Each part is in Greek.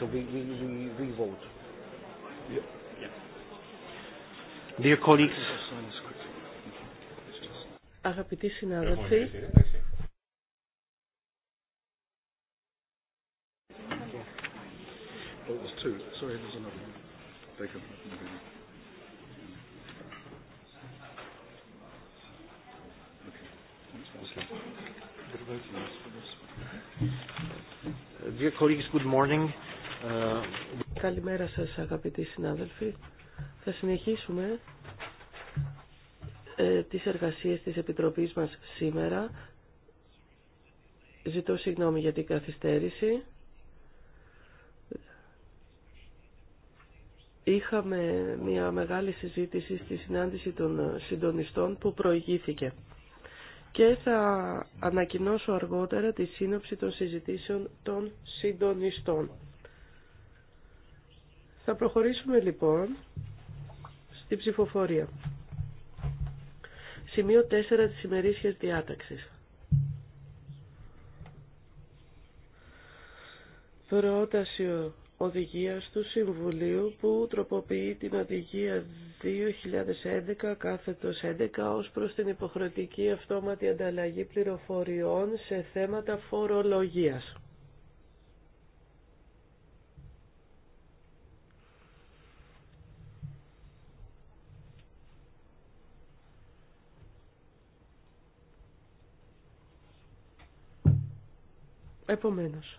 so we, we, we, we vote. Yeah. Yeah. Dear colleagues. Αγαπητοί συνάδελφοι, Dear colleagues, good morning. Καλημέρα σας αγαπητοί συνάδελφοι. Θα συνεχίσουμε ε, τις εργασίες της Επιτροπής μας σήμερα. Ζητώ συγγνώμη για την καθυστέρηση. Είχαμε μια μεγάλη συζήτηση στη συνάντηση των συντονιστών που προηγήθηκε και θα ανακοινώσω αργότερα τη σύνοψη των συζητήσεων των συντονιστών. Θα προχωρήσουμε λοιπόν στη ψηφοφορία. Σημείο 4 της ημερήσιας διάταξης. Πρόταση οδηγίας του Συμβουλίου που τροποποιεί την οδηγία 2011 κάθετος 11 ως προς την υποχρεωτική αυτόματη ανταλλαγή πληροφοριών σε θέματα φορολογίας. Επομένως,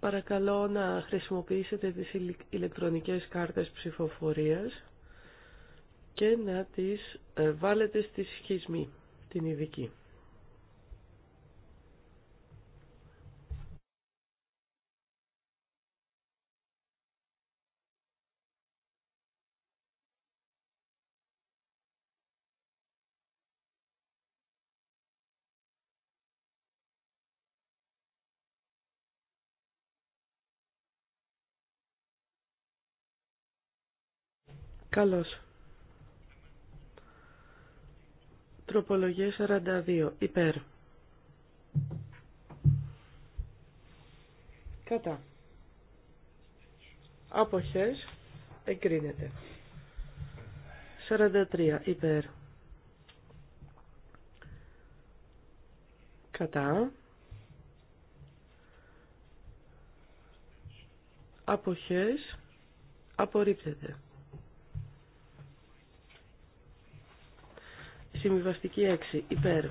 παρακαλώ να χρησιμοποιήσετε τις ηλεκτρονικές κάρτες ψηφοφορίας και να τις ε, βάλετε στη σχισμή, την ειδική. Καλώς. Τροπολογία 42. Υπέρ. Κατά. Αποχές. Εγκρίνεται. 43. Υπέρ. Κατά. Αποχές. Απορρίπτεται. Συμβιβαστική 6. Υπέρ.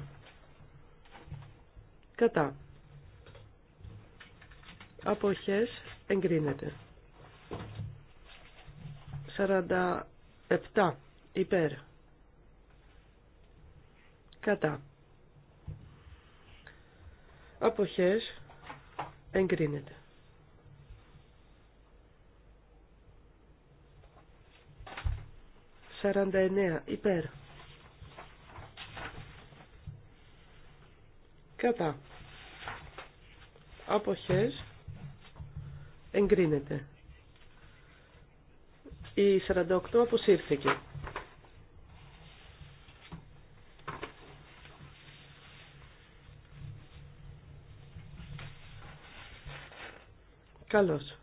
Κατά. Αποχές εγκρίνεται. 47. Υπέρ. Κατά. Αποχές εγκρίνεται. 49 Υπέρ. Κατά. Αποχές. Εγκρίνεται. Η 48 αποσύρθηκε. Καλώς.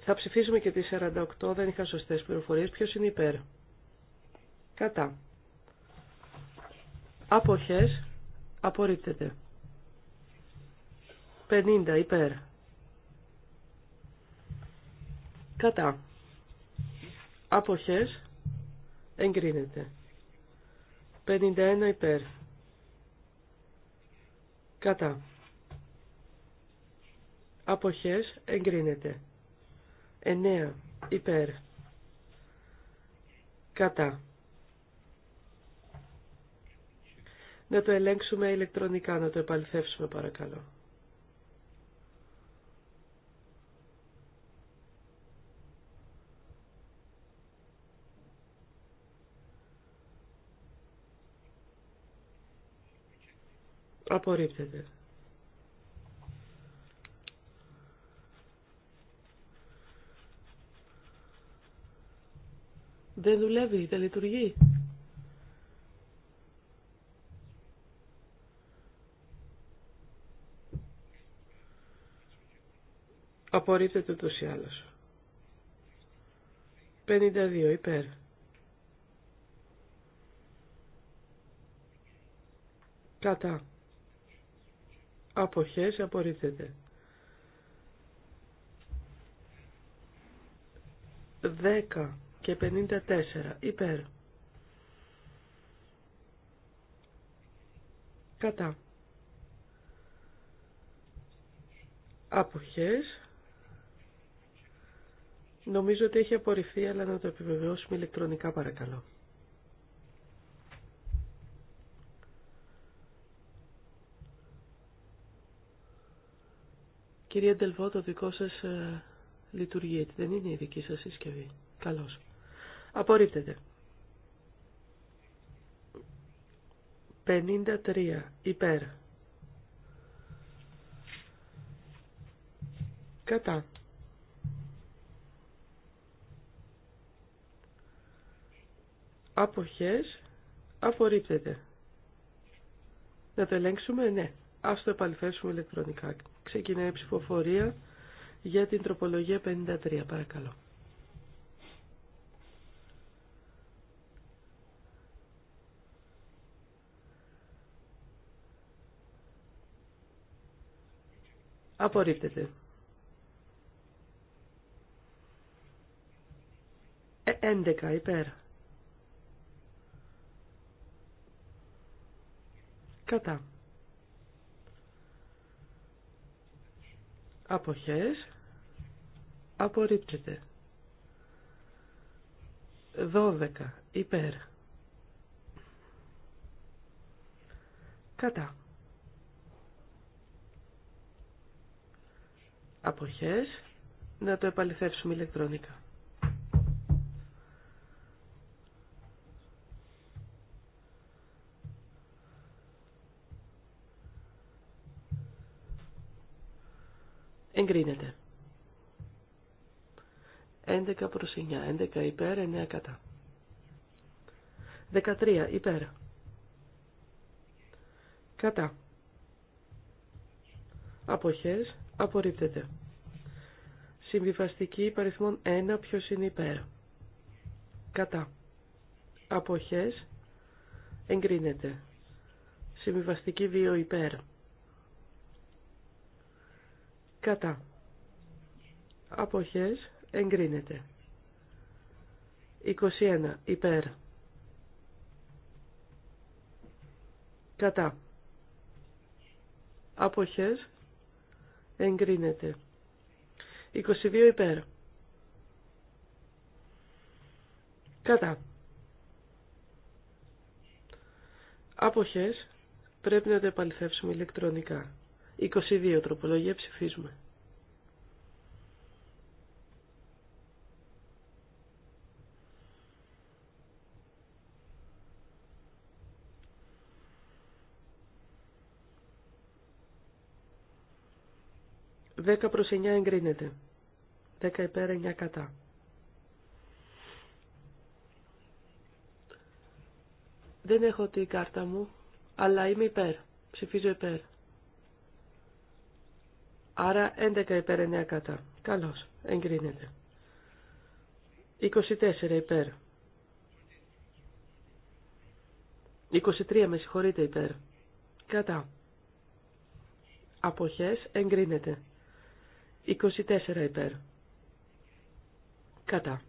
Θα ψηφίσουμε και τη 48, δεν είχα σωστές πληροφορίες. Ποιος είναι υπέρ κατά. Αποχές απορρίπτεται. 50 υπέρ. Κατά. Αποχές εγκρίνεται. 51 υπέρ. Κατά. Αποχές εγκρίνεται. 9 υπέρ. Κατά. να το ελέγξουμε ηλεκτρονικά, να το επαληθεύσουμε παρακαλώ. Απορρίπτεται. 'Δεν δουλεύει, δεν λειτουργεί. Απορρίπτεται ούτως ή άλλως. 52 υπέρ. Κατά. Αποχές απορρίπτεται. 10 και 54 υπέρ. Κατά. Αποχές Νομίζω ότι έχει απορριφθεί, αλλά να το επιβεβαιώσουμε ηλεκτρονικά παρακαλώ. Κυρία Ντελβό, το δικό σας ε, λειτουργεί, δεν είναι η δική σας συσκευή. Καλώς. Απορρίπτεται. 53. Υπέρ. Κατά. αποχές απορρίπτεται. Να το ελέγξουμε, ναι. Ας το ηλεκτρονικά. Ξεκινάει η ψηφοφορία για την τροπολογία 53, παρακαλώ. Απορρίπτεται. 11 ε, υπέρ. Κατά. Αποχές. Απορρίπτεται. 12. Υπέρ. Κατά. Αποχές. Να το επαληθεύσουμε ηλεκτρονικά. εγκρίνεται. 11 προς 9, 11 υπέρ, 9 κατά. 13 υπέρ. Κατά. Αποχές απορρίπτεται. Συμβιβαστική υπαριθμών 1 ποιος είναι υπέρ. Κατά. Αποχές εγκρίνεται. Συμβιβαστική 2 υπέρ κατά αποχές εγκρίνεται 21 υπέρ κατά αποχές εγκρίνεται 22 υπέρ κατά αποχές πρέπει να τα επαληθεύσουμε ηλεκτρονικά 22 τροπολογία ψηφίζουμε. 10 προς 9 εγκρίνεται. 10 υπέρ 9 κατά. Δεν έχω τη κάρτα μου, αλλά είμαι υπέρ. Ψηφίζω υπέρ. Άρα 11 υπέρ 9 κατά. Καλώς. Εγκρίνεται. 24 υπέρ. 23 με συγχωρείτε υπέρ. Κατά. Αποχές εγκρίνεται. 24 υπέρ. Κατά.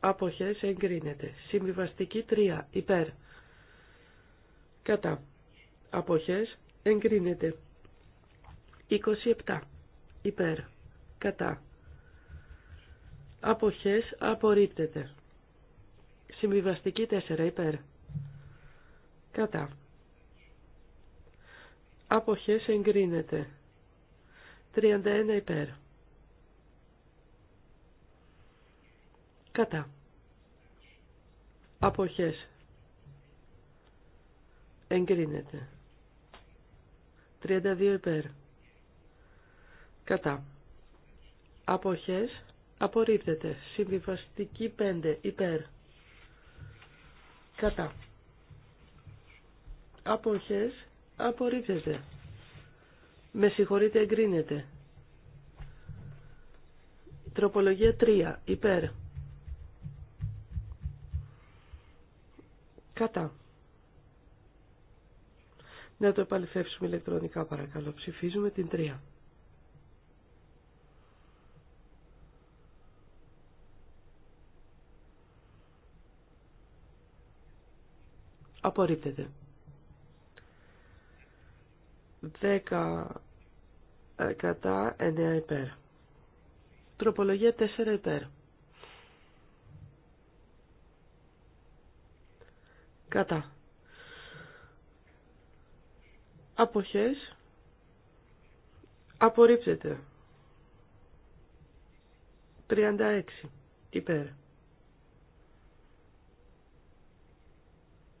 Αποχές εγκρίνεται. Συμβιβαστική 3 υπέρ. Κατά. Αποχές εγκρίνεται. 27 υπέρ κατά αποχές απορρίπτεται συμβιβαστική 4 υπέρ κατά αποχές εγκρίνεται 31 υπέρ κατά αποχές εγκρίνεται 32 υπέρ κατά. Αποχές απορρίπτεται. Συμβιβαστική 5 υπέρ. Κατά. Αποχές απορρίπτεται. Με συγχωρείτε εγκρίνεται. Τροπολογία 3 υπέρ. Κατά. Να το επαληθεύσουμε ηλεκτρονικά παρακαλώ. Ψηφίζουμε την 3. απορρίπτεται. 10 ε, κατά 9 υπέρ. Τροπολογία 4 υπέρ. Κατά. Αποχές. Απορρίπτεται. 36 υπέρ.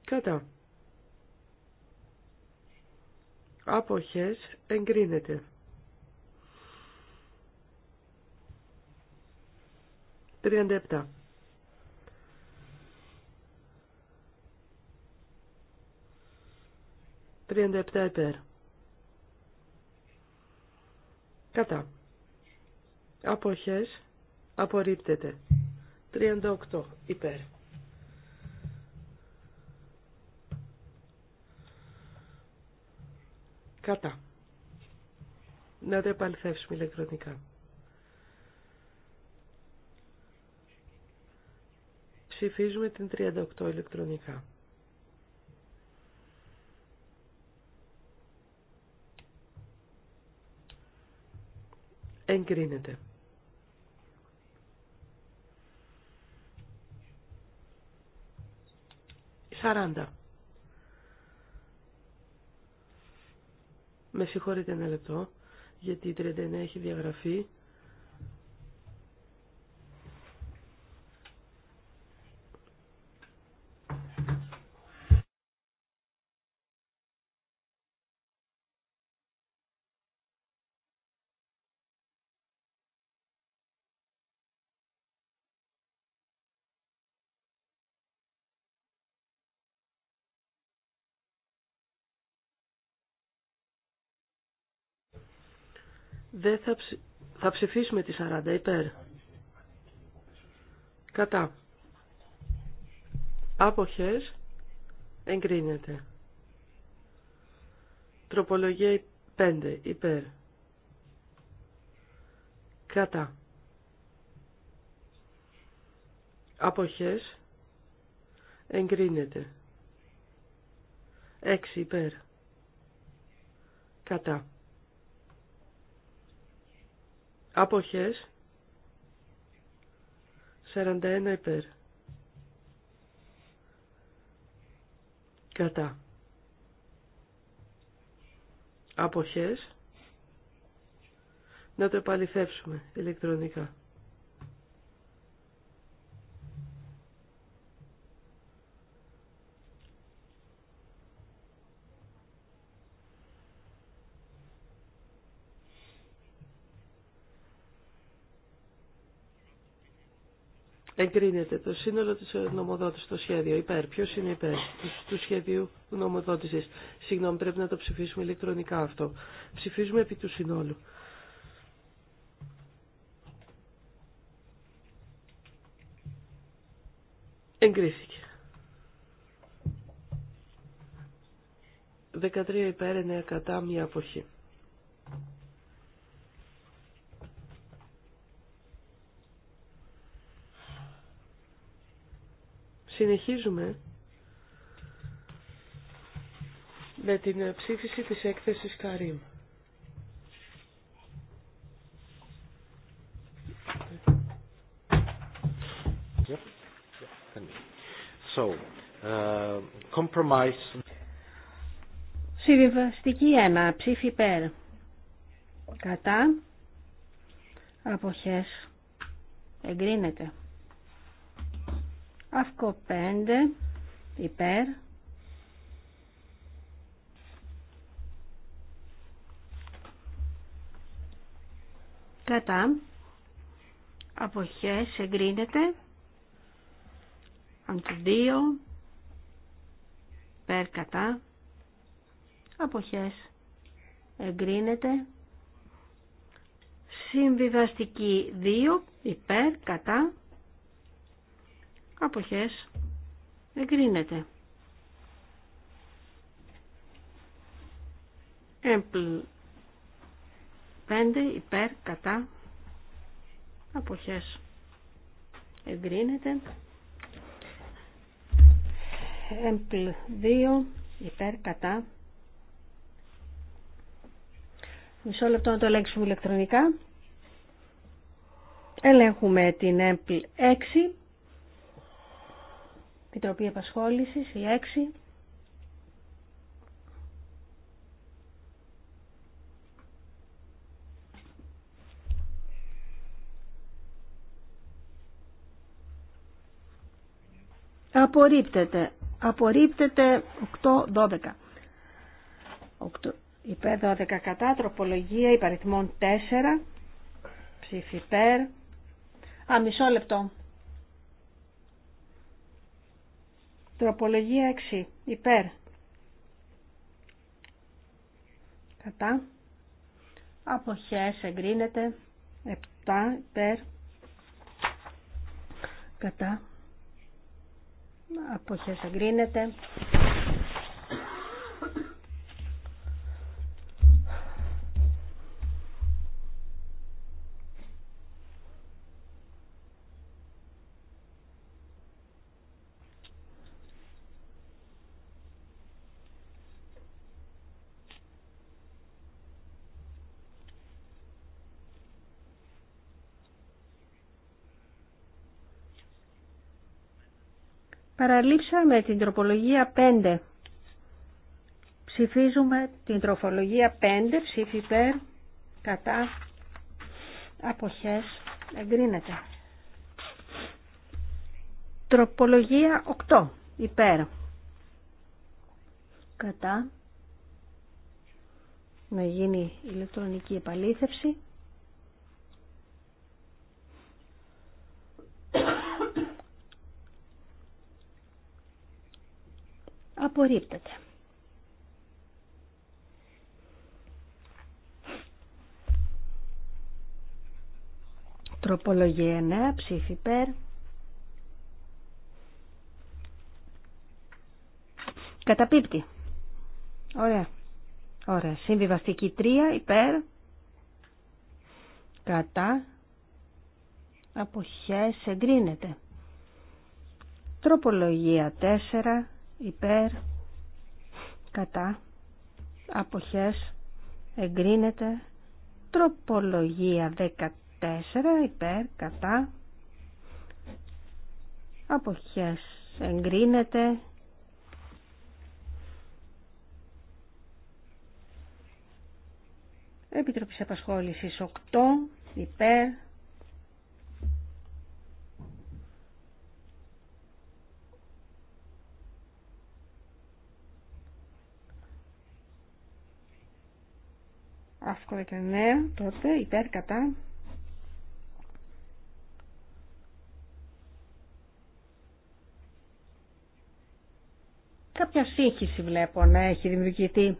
κατά αποχές εγκρίνεται 37 37 υπέρ κατά αποχές απορρίπτεται 38 υπέρ Κατά. Να το επαληθεύσουμε ηλεκτρονικά. Ψηφίζουμε την 38 ηλεκτρονικά. Εγκρίνεται. Σαράντα. Με συγχωρείτε ένα λεπτό, γιατί η 39 έχει διαγραφεί. Δεν θα, ψηφίσουμε τη 40 υπέρ. Κατά. Άποχες εγκρίνεται. Τροπολογία 5 υπέρ. Κατά. Αποχές εγκρίνεται. 6 υπέρ. Κατά. Αποχές. 41 υπέρ. Κατά. Αποχές. Να το επαληθεύσουμε ηλεκτρονικά. Εγκρίνεται το σύνολο της νομοδότησης, στο σχέδιο. Υπέρ. Ποιος είναι υπέρ του σχεδίου νομοδότησης. Συγγνώμη, πρέπει να το ψηφίσουμε ηλεκτρονικά αυτό. Ψηφίζουμε επί του συνόλου. Εγκρίθηκε. 13 υπέρ 9 κατά μία αποχή. Συνεχίζουμε με την ψήφιση της έκθεσης Καρίμ. So, uh, compromise. Συμβιβαστική 1. Ψήφι πέρ Κατά. Αποχές. Εγκρίνεται. Αυκο 5 υπέρ. Κατά. Αποχές εγκρίνεται. Αν 2 υπέρ κατά. Αποχές εγκρίνεται. Συμβιβαστική 2 υπέρ κατά Αποχές. Εγκρίνεται. Έμπλ 5 υπέρ κατά αποχές. Εγκρίνεται. Έμπλ 2 υπέρ κατά. Μισό λεπτό να το ελέγξουμε ηλεκτρονικά. Ελέγχουμε την έμπλ 6 Επιτροπή Επασχόλησης, η 6. Απορρίπτεται. Απορρίπτεται 8-12. 8, υπέρ 12 8 τροπολογία υπαριθμών 4, ψήφι υπέρ. Α, μισό λεπτό. Τροπολογία 6. Υπέρ. Κατά. Αποχές εγκρίνεται. 7. Υπέρ. Κατά. Αποχές εγκρίνεται. Παραλείψαμε την τροπολογία 5. Ψηφίζουμε την τροπολογία 5, ψήφι υπέρ, κατά, αποχές, εγκρίνεται. Τροπολογία 8, υπέρ, κατά, να γίνει ηλεκτρονική επαλήθευση. Απορρίπτεται. Τροπολογία 9, ψήφι υπέρ. Καταπίπτει. Ωραία. Ωραία. Συμβιβαστική 3, υπέρ. Κατά. Αποχές εγκρίνεται. Τροπολογία 4, υπέρ κατά αποχές εγκρίνεται τροπολογία 14 υπέρ κατά αποχές εγκρίνεται Επιτροπής Απασχόλησης 8 υπέρ και 19 τότε, υπέρ κατά. Κάποια σύγχυση βλέπω να έχει δημιουργηθεί.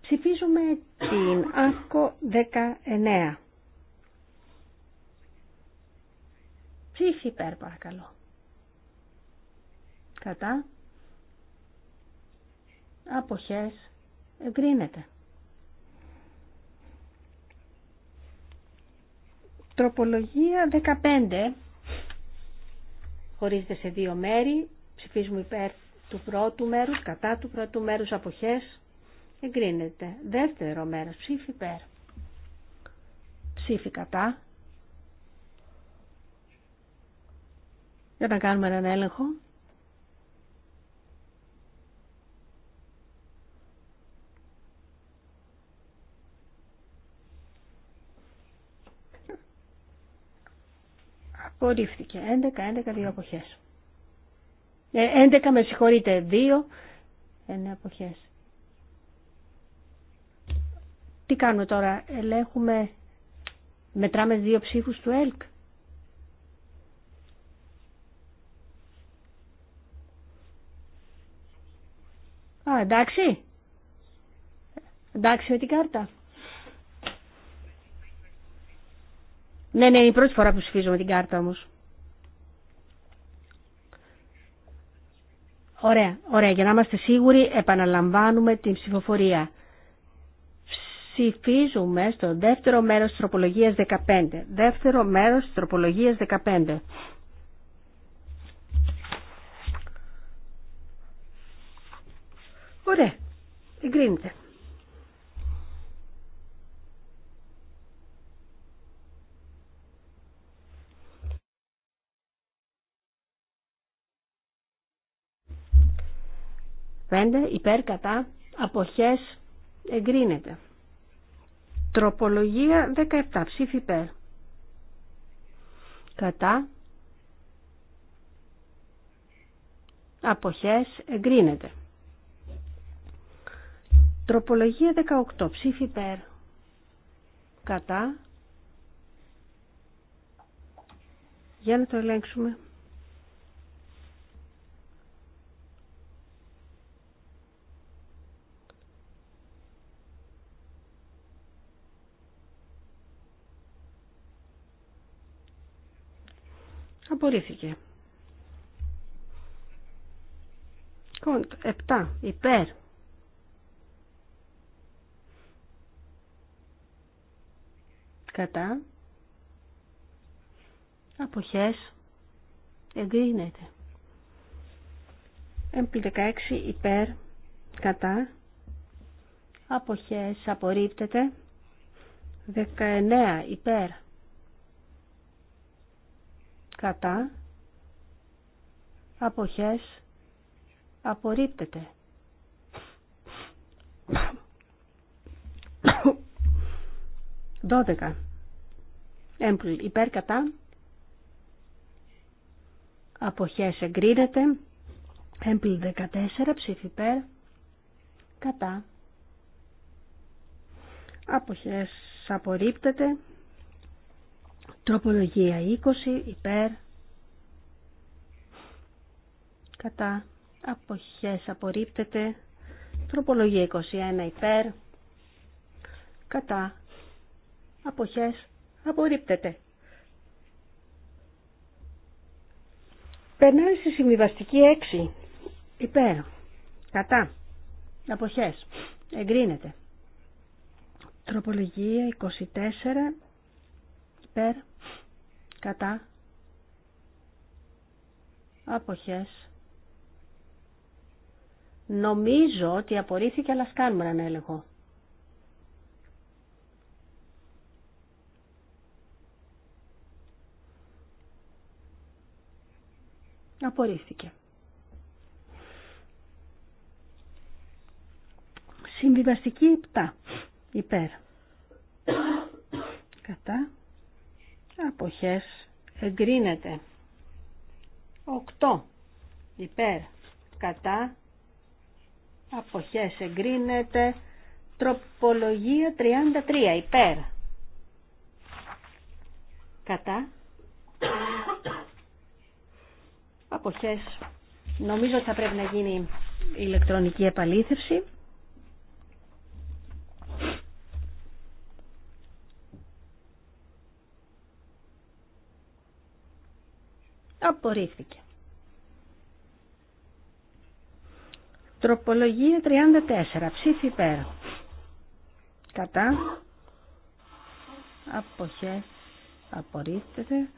Ψηφίζουμε την ΑΦΚΟ 19. Ψήφι υπέρ παρακαλώ. Κατά. Αποχές εγκρίνεται. Τροπολογία 15 χωρίζεται σε δύο μέρη. Ψηφίζουμε υπέρ του πρώτου μέρους, κατά του πρώτου μέρους αποχές. Εγκρίνεται. Δεύτερο μέρος, ψήφι υπέρ. Ψήφι κατά. Για να κάνουμε έναν έλεγχο. Απορρίφθηκε. 11, 11, δύο αποχές. 11 ε, με συγχωρείτε, 2, 9 αποχές. Τι κάνουμε τώρα, ελέγχουμε, μετράμε 2 ψήφους του ΕΛΚ. Α, εντάξει. Εντάξει με την κάρτα. Ναι, ναι, είναι η πρώτη φορά που ψηφίζω με την κάρτα όμω. Ωραία, ωραία. Για να είμαστε σίγουροι επαναλαμβάνουμε την ψηφοφορία. Ψηφίζουμε στο δεύτερο μέρος της τροπολογίας 15. Δεύτερο μέρος της τροπολογίας 15. Ωραία. Εγκρίνεται. υπέρ κατά αποχές εγκρίνεται. Τροπολογία 17 ψήφι υπέρ. Κατά αποχές εγκρίνεται. Τροπολογία 18 ψήφι υπέρ. Κατά. Για να το ελέγξουμε. Απορρίφθηκε. Κοντ 7 υπέρ. Κατά. Αποχές. Εγκρίνεται. Έμπλη 16 υπέρ. Κατά. Αποχές. Απορρίπτεται. 19 υπέρ κατά, αποχές, απορρίπτεται. Δώδεκα. Έμπλ υπέρ κατά. Αποχές εγκρίνεται. Έμπλ 14 ψήφι υπέρ. Κατά. Αποχές απορρίπτεται. Τροπολογία 20 υπέρ κατά αποχές απορρίπτεται. Τροπολογία 21 υπέρ κατά αποχές απορρίπτεται. Περνάει στη συμβιβαστική 6 υπέρ κατά αποχές εγκρίνεται. Τροπολογία 24 υπέρ κατά αποχές νομίζω ότι απορρίφθηκε αλλά σκάνουμε έναν έλεγχο απορρίφθηκε Συμβιβαστική 7 υπέρ κατά αποχές εγκρίνεται 8 υπέρ κατά αποχές εγκρίνεται τροπολογία 33 υπέρ κατά αποχές νομίζω ότι θα πρέπει να γίνει ηλεκτρονική επαλήθευση Απορρίφθηκε. Τροπολογία 34. Ψήφι υπέρ. Κατά. Αποχέ. Απορρίφθηκε.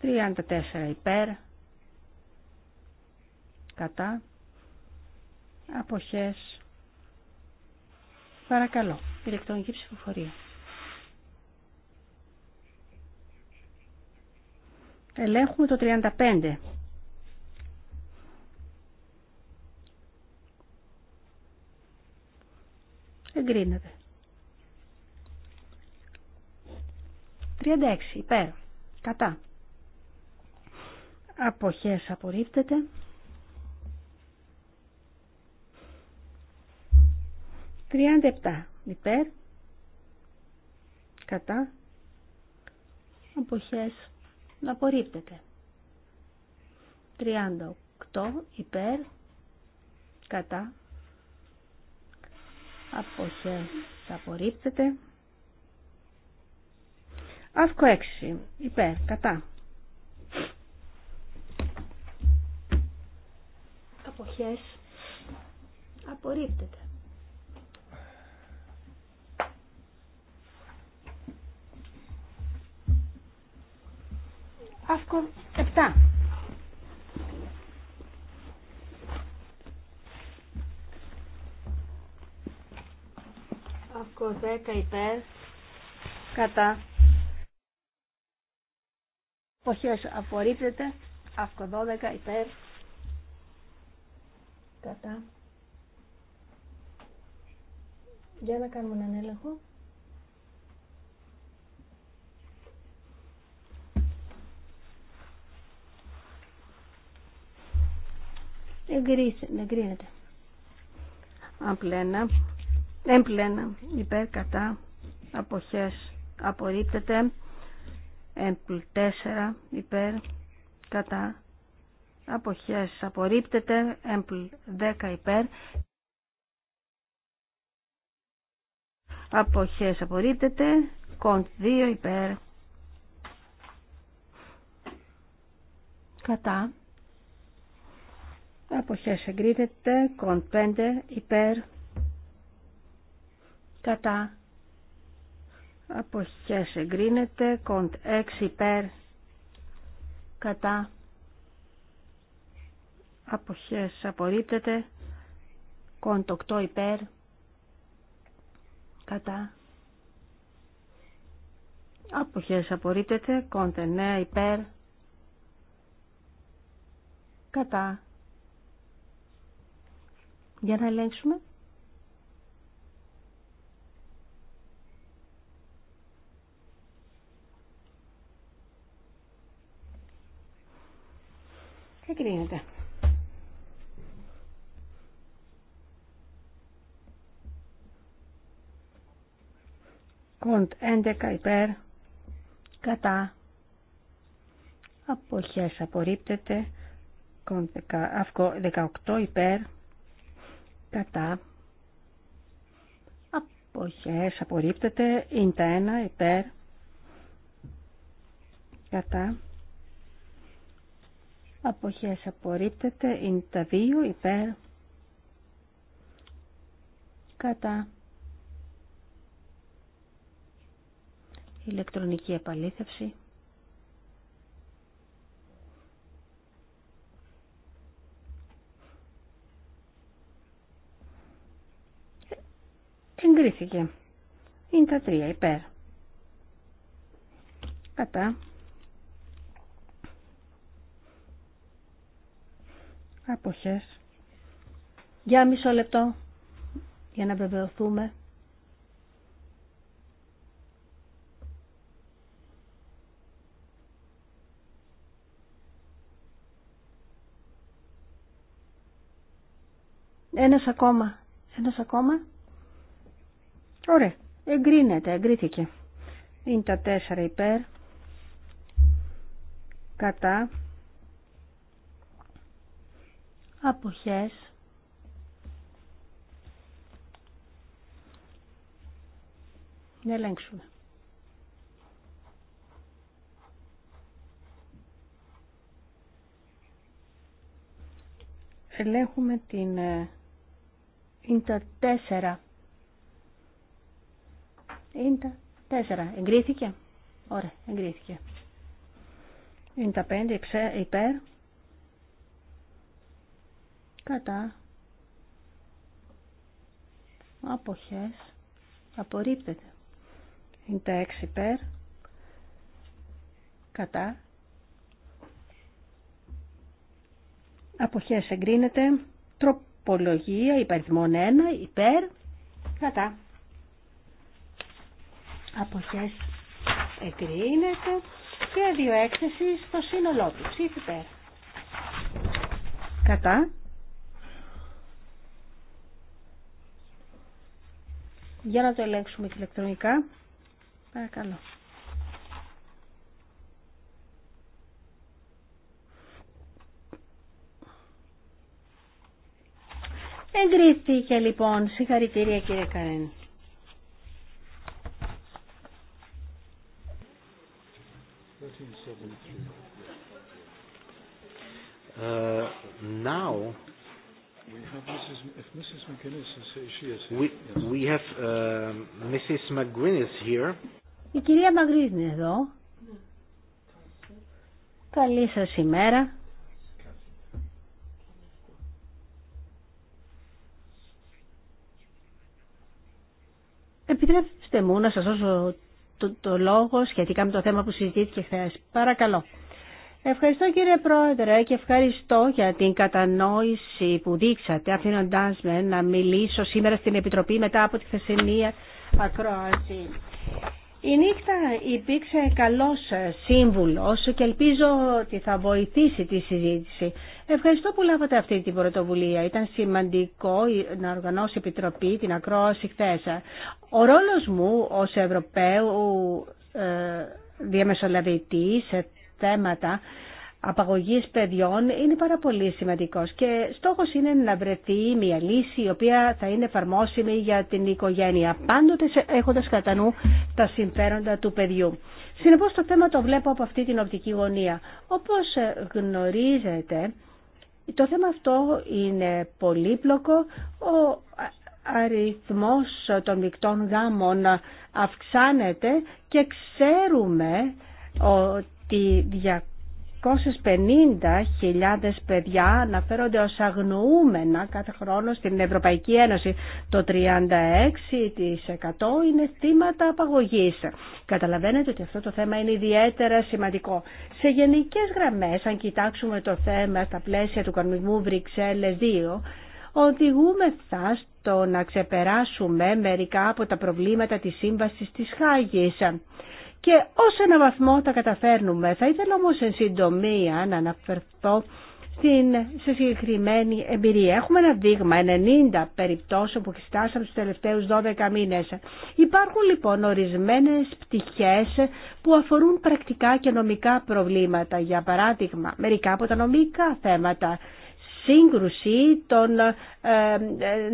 34 υπέρ. Κατά. Αποχές. Παρακαλώ. Ηλεκτρονική ψηφοφορία. Ελέγχουμε το 35. Εγκρίνεται. 36. Υπέρ. Κατά. Αποχές απορρίπτεται. 37. Υπέρ. Κατά. Αποχές να απορρίπτεται. 38 υπέρ κατά αποχές απορρίπτεται. Αύκο 6 υπέρ κατά αποχές απορρίπτεται. αυκο 7. αυκο 10 υπέρ κατά εποχές απορρίπτεται αυκο 12 υπέρ κατά για να κάνουμε έναν έλεγχο Εγκρίνεται. Αμπλένα. Εμπλένα. Υπέρ κατά. Αποχές. Απορρίπτεται. Εμπλ 4. Υπέρ κατά. Αποχές. Απορρίπτεται. Εμπλ 10. Υπέρ. Αποχές. Απορρίπτεται. Κοντ 2. Υπέρ. Κατά Αποχές εγκρίνεται. Κον 5 υπέρ. Κατά. Αποχές εγκρίνεται. κοντ 6 υπέρ. Κατά. Αποχές απορρίπτεται. κοντ 8 υπέρ. Κατά. Αποχές απορρίπτεται. κοντ 9 υπέρ. Κατά για να ελέγξουμε. Εγκρίνεται. Κοντ 11 υπέρ, κατά, αποχές απορρίπτεται, κοντ 18 υπέρ, κατά αποχές απορρίπτεται τα ένα υπέρ κατά αποχές απορρίπτεται τα δύο υπέρ κατά ηλεκτρονική επαλήθευση Είναι τα τρία υπέρ. Κατά. Αποχές. Για μισό λεπτό. Για να βεβαιωθούμε. Ένας ακόμα. Ένας ακόμα. Ωραία. Εγκρίνεται, εγκρίθηκε. Είναι τα τέσσερα υπέρ. Κατά. Αποχές. Να ελέγξουμε. Ελέγχουμε την... Ε, είναι τα 4 είναι τα Εγκρίθηκε. Ωραία, εγκρίθηκε. Είναι τα υπέρ. Κατά. Αποχές. Απορρίπτεται. Είναι τα υπέρ. Κατά. Αποχές εγκρίνεται. Τροπολογία υπαριθμών 1 υπέρ. Κατά αποχές εγκρίνεται και έκθεση στο σύνολό του. Ψήφι ΠΕΡ. Κατά. Για να το ελέγξουμε και ηλεκτρονικά. Παρακαλώ. Εγκρίθηκε λοιπόν. Συγχαρητήρια κύριε Καρένη. Uh, now, we have Mrs. If Mrs. McGuinness is, she is here. We, yes. we have uh, Mrs. McGuinness here. Η κυρία Μαγκρίς είναι εδώ. Καλή σας ημέρα. Επιτρέψτε μου να σας δώσω το, το λόγο σχετικά με το θέμα που συζητήθηκε χθε. Παρακαλώ. Ευχαριστώ κύριε Πρόεδρε και ευχαριστώ για την κατανόηση που δείξατε αφήνοντάς με να μιλήσω σήμερα στην Επιτροπή μετά από τη χθεσινή ακρόαση. Η νύχτα υπήρξε καλός σύμβουλος και ελπίζω ότι θα βοηθήσει τη συζήτηση. Ευχαριστώ που λάβατε αυτή την πρωτοβουλία. Ήταν σημαντικό να οργανώσει η Επιτροπή την ακρόαση χθε. Ο ρόλος μου ως Ευρωπαίου ε, διαμεσολαβητή σε θέματα απαγωγής παιδιών είναι πάρα πολύ σημαντικός και στόχος είναι να βρεθεί μια λύση η οποία θα είναι εφαρμόσιμη για την οικογένεια, πάντοτε έχοντας κατά νου τα συμφέροντα του παιδιού. Συνεπώς το θέμα το βλέπω από αυτή την οπτική γωνία. Όπως ε, γνωρίζετε, το θέμα αυτό είναι πολύπλοκο. Ο αριθμός των μεικτών γάμων αυξάνεται και ξέρουμε ότι 200 250.000 παιδιά αναφέρονται ως αγνοούμενα κάθε χρόνο στην Ευρωπαϊκή Ένωση. Το 36% είναι θύματα απαγωγής. Καταλαβαίνετε ότι αυτό το θέμα είναι ιδιαίτερα σημαντικό. Σε γενικές γραμμές, αν κοιτάξουμε το θέμα στα πλαίσια του κανονισμού Βρυξέλλες 2, οδηγούμεθα στο να ξεπεράσουμε μερικά από τα προβλήματα της Σύμβασης της Χάγης και ως ένα βαθμό τα καταφέρνουμε. Θα ήθελα όμως εν συντομία να αναφερθώ στην, σε συγκεκριμένη εμπειρία. Έχουμε ένα δείγμα 90 περιπτώσεων που εξετάσαμε στους τελευταίους 12 μήνες. Υπάρχουν λοιπόν ορισμένες πτυχές που αφορούν πρακτικά και νομικά προβλήματα. Για παράδειγμα, μερικά από τα νομικά θέματα. Σύγκρουση των ε,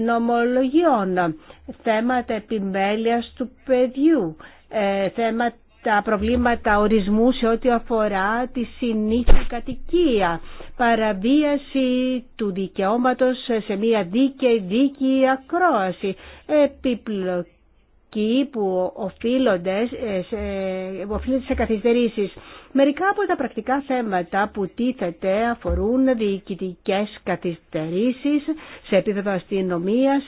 νομολογιών, θέματα επιμέλειας του παιδιού, ε, θέματα τα προβλήματα ορισμού σε ό,τι αφορά τη συνήθεια κατοικία, παραβίαση του δικαιώματος σε μια δίκαιη δίκη, ακρόαση, επιπλοκή εκεί που οφείλονται ε, σε, οφείλονται σε καθυστερήσεις. Μερικά από τα πρακτικά θέματα που τίθεται αφορούν διοικητικέ καθυστερήσεις σε επίπεδο αστυνομία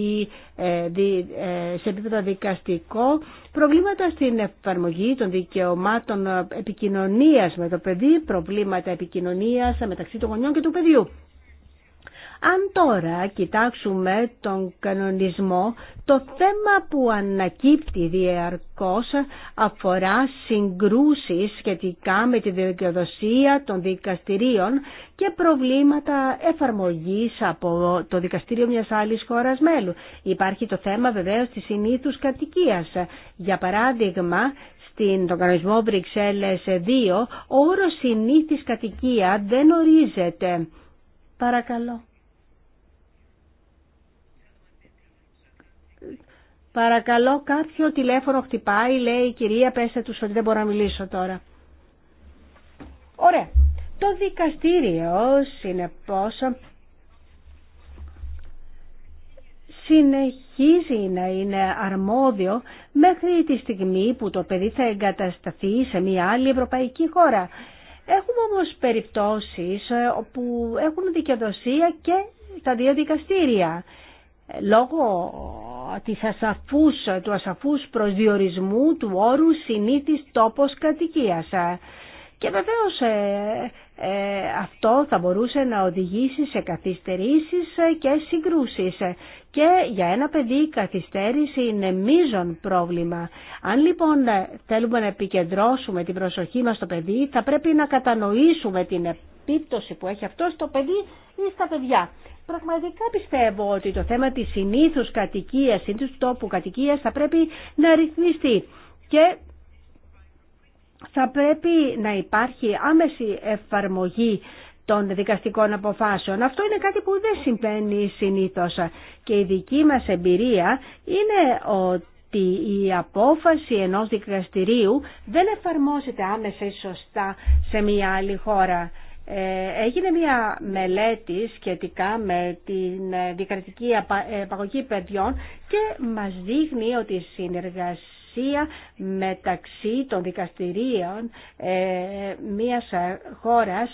ή ε, ε, σε επίπεδο δικαστικό, προβλήματα στην εφαρμογή των δικαιωμάτων επικοινωνίας με το παιδί, προβλήματα επικοινωνίας μεταξύ των γονιών και του παιδιού. Αν τώρα κοιτάξουμε τον κανονισμό, το θέμα που ανακύπτει διαρκώς αφορά συγκρούσεις σχετικά με τη δικαιοδοσία των δικαστηρίων και προβλήματα εφαρμογής από το δικαστήριο μιας άλλης χώρας μέλου. Υπάρχει το θέμα βεβαίως της συνήθους κατοικίας. Για παράδειγμα, στην, τον κανονισμό Βρυξέλλες 2, ο όρος συνήθης κατοικία δεν ορίζεται. Παρακαλώ. Παρακαλώ κάποιο τηλέφωνο χτυπάει, λέει η κυρία πέστε τους ότι δεν μπορώ να μιλήσω τώρα. Ωραία. Το δικαστήριο συνεπώς συνεχίζει να είναι αρμόδιο μέχρι τη στιγμή που το παιδί θα εγκατασταθεί σε μια άλλη ευρωπαϊκή χώρα. Έχουμε όμως περιπτώσεις όπου έχουν δικαιοδοσία και τα δύο δικαστήρια λόγω του ασαφούς προσδιορισμού του όρου συνήθις τόπος κατοικίας. Και βεβαίως ε, ε, αυτό θα μπορούσε να οδηγήσει σε καθυστερήσεις και συγκρούσεις. Και για ένα παιδί η καθυστέρηση είναι μείζον πρόβλημα. Αν λοιπόν θέλουμε να επικεντρώσουμε την προσοχή μας στο παιδί, θα πρέπει να κατανοήσουμε την επίπτωση που έχει αυτό στο παιδί ή στα παιδιά. Πραγματικά πιστεύω ότι το θέμα της συνήθους κατοικίας, συνήθους τόπου κατοικίας θα πρέπει να ρυθμιστεί και θα πρέπει να υπάρχει άμεση εφαρμογή των δικαστικών αποφάσεων. Αυτό είναι κάτι που δεν συμβαίνει συνήθως και η δική μας εμπειρία είναι ότι η απόφαση ενός δικαστηρίου δεν εφαρμόζεται άμεσα ή σωστά σε μια άλλη χώρα. Ε, έγινε μια μελέτη σχετικά με την ε, δικαστική επαγωγή παιδιών και μας δείχνει ότι η συνεργασία μεταξύ των δικαστηρίων ε, μιας χώρας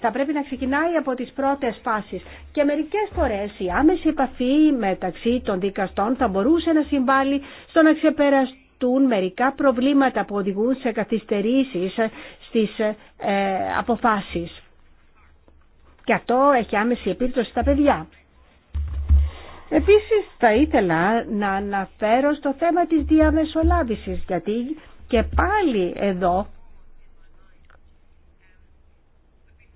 θα πρέπει να ξεκινάει από τις πρώτες φάσεις και μερικές φορές η άμεση επαφή μεταξύ των δικαστών θα μπορούσε να συμβάλλει στο να ξεπεραστούν μερικά προβλήματα που οδηγούν σε καθυστερήσεις στις ε, ε, αποφάσεις. Και αυτό έχει άμεση επίπτωση στα παιδιά. Επίσης θα ήθελα να αναφέρω στο θέμα της διαμεσολάβησης γιατί και πάλι εδώ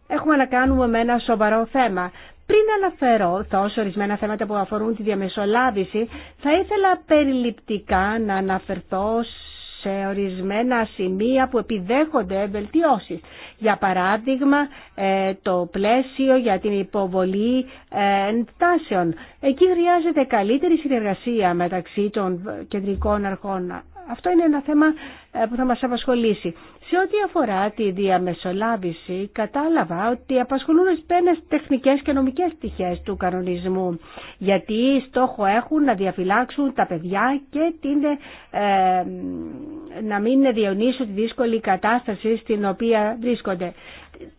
έχουμε να κάνουμε με ένα σοβαρό θέμα. Πριν αναφέρω τόσο ορισμένα θέματα που αφορούν τη διαμεσολάβηση, θα ήθελα περιληπτικά να αναφερθώ σε ορισμένα σημεία που επιδέχονται βελτιώσει. Για παράδειγμα, ε, το πλαίσιο για την υποβολή ε, εντάσεων. Εκεί χρειάζεται καλύτερη συνεργασία μεταξύ των κεντρικών αρχών. Αυτό είναι ένα θέμα ε, που θα μας απασχολήσει. Σε ό,τι αφορά τη διαμεσολάβηση, κατάλαβα ότι απασχολούν σπένες τεχνικές και νομικές πτυχές του κανονισμού, γιατί στόχο έχουν να διαφυλάξουν τα παιδιά και την, ε, να μην διονύσουν τη δύσκολη κατάσταση στην οποία βρίσκονται.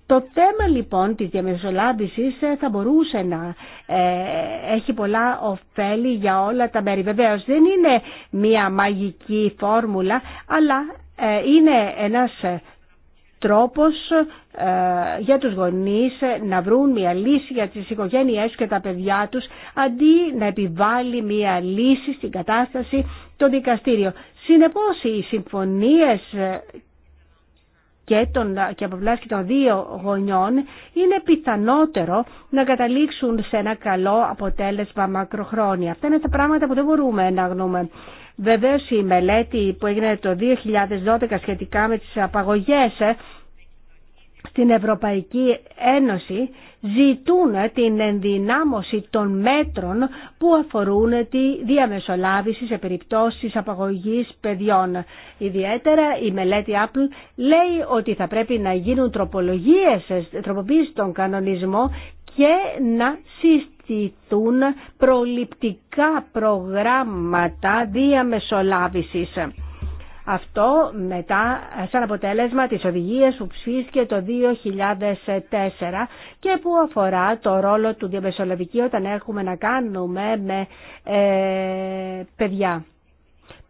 Το θέμα λοιπόν της διαμεσολάβησης ε, θα μπορούσε να ε, έχει πολλά ωφέλη για όλα τα μέρη. Βεβαίω δεν είναι μια μαγική φόρμουλα, αλλά ε, είναι ένας ε, τρόπος ε, για τους γονείς να βρουν μια λύση για τις οικογένειές και τα παιδιά τους αντί να επιβάλλει μια λύση στην κατάσταση το δικαστήριο. Συνεπώς οι συμφωνίες και, των, και από και των δύο γονιών είναι πιθανότερο να καταλήξουν σε ένα καλό αποτέλεσμα μακροχρόνια. Αυτά είναι τα πράγματα που δεν μπορούμε να γνωρίζουμε. Βεβαίως η μελέτη που έγινε το 2012 σχετικά με τις απαγωγές ε, στην Ευρωπαϊκή Ένωση ζητούν την ενδυνάμωση των μέτρων που αφορούν τη διαμεσολάβηση σε περιπτώσεις απαγωγής παιδιών. Ιδιαίτερα η μελέτη Apple λέει ότι θα πρέπει να γίνουν τροπολογίες, τροποποίηση των κανονισμών και να συστηθούν ζητούν προληπτικά προγράμματα διαμεσολάβησης. Αυτό μετά σαν αποτέλεσμα της οδηγίας που ψήθηκε το 2004 και που αφορά το ρόλο του διαμεσολαβική όταν έχουμε να κάνουμε με ε, παιδιά.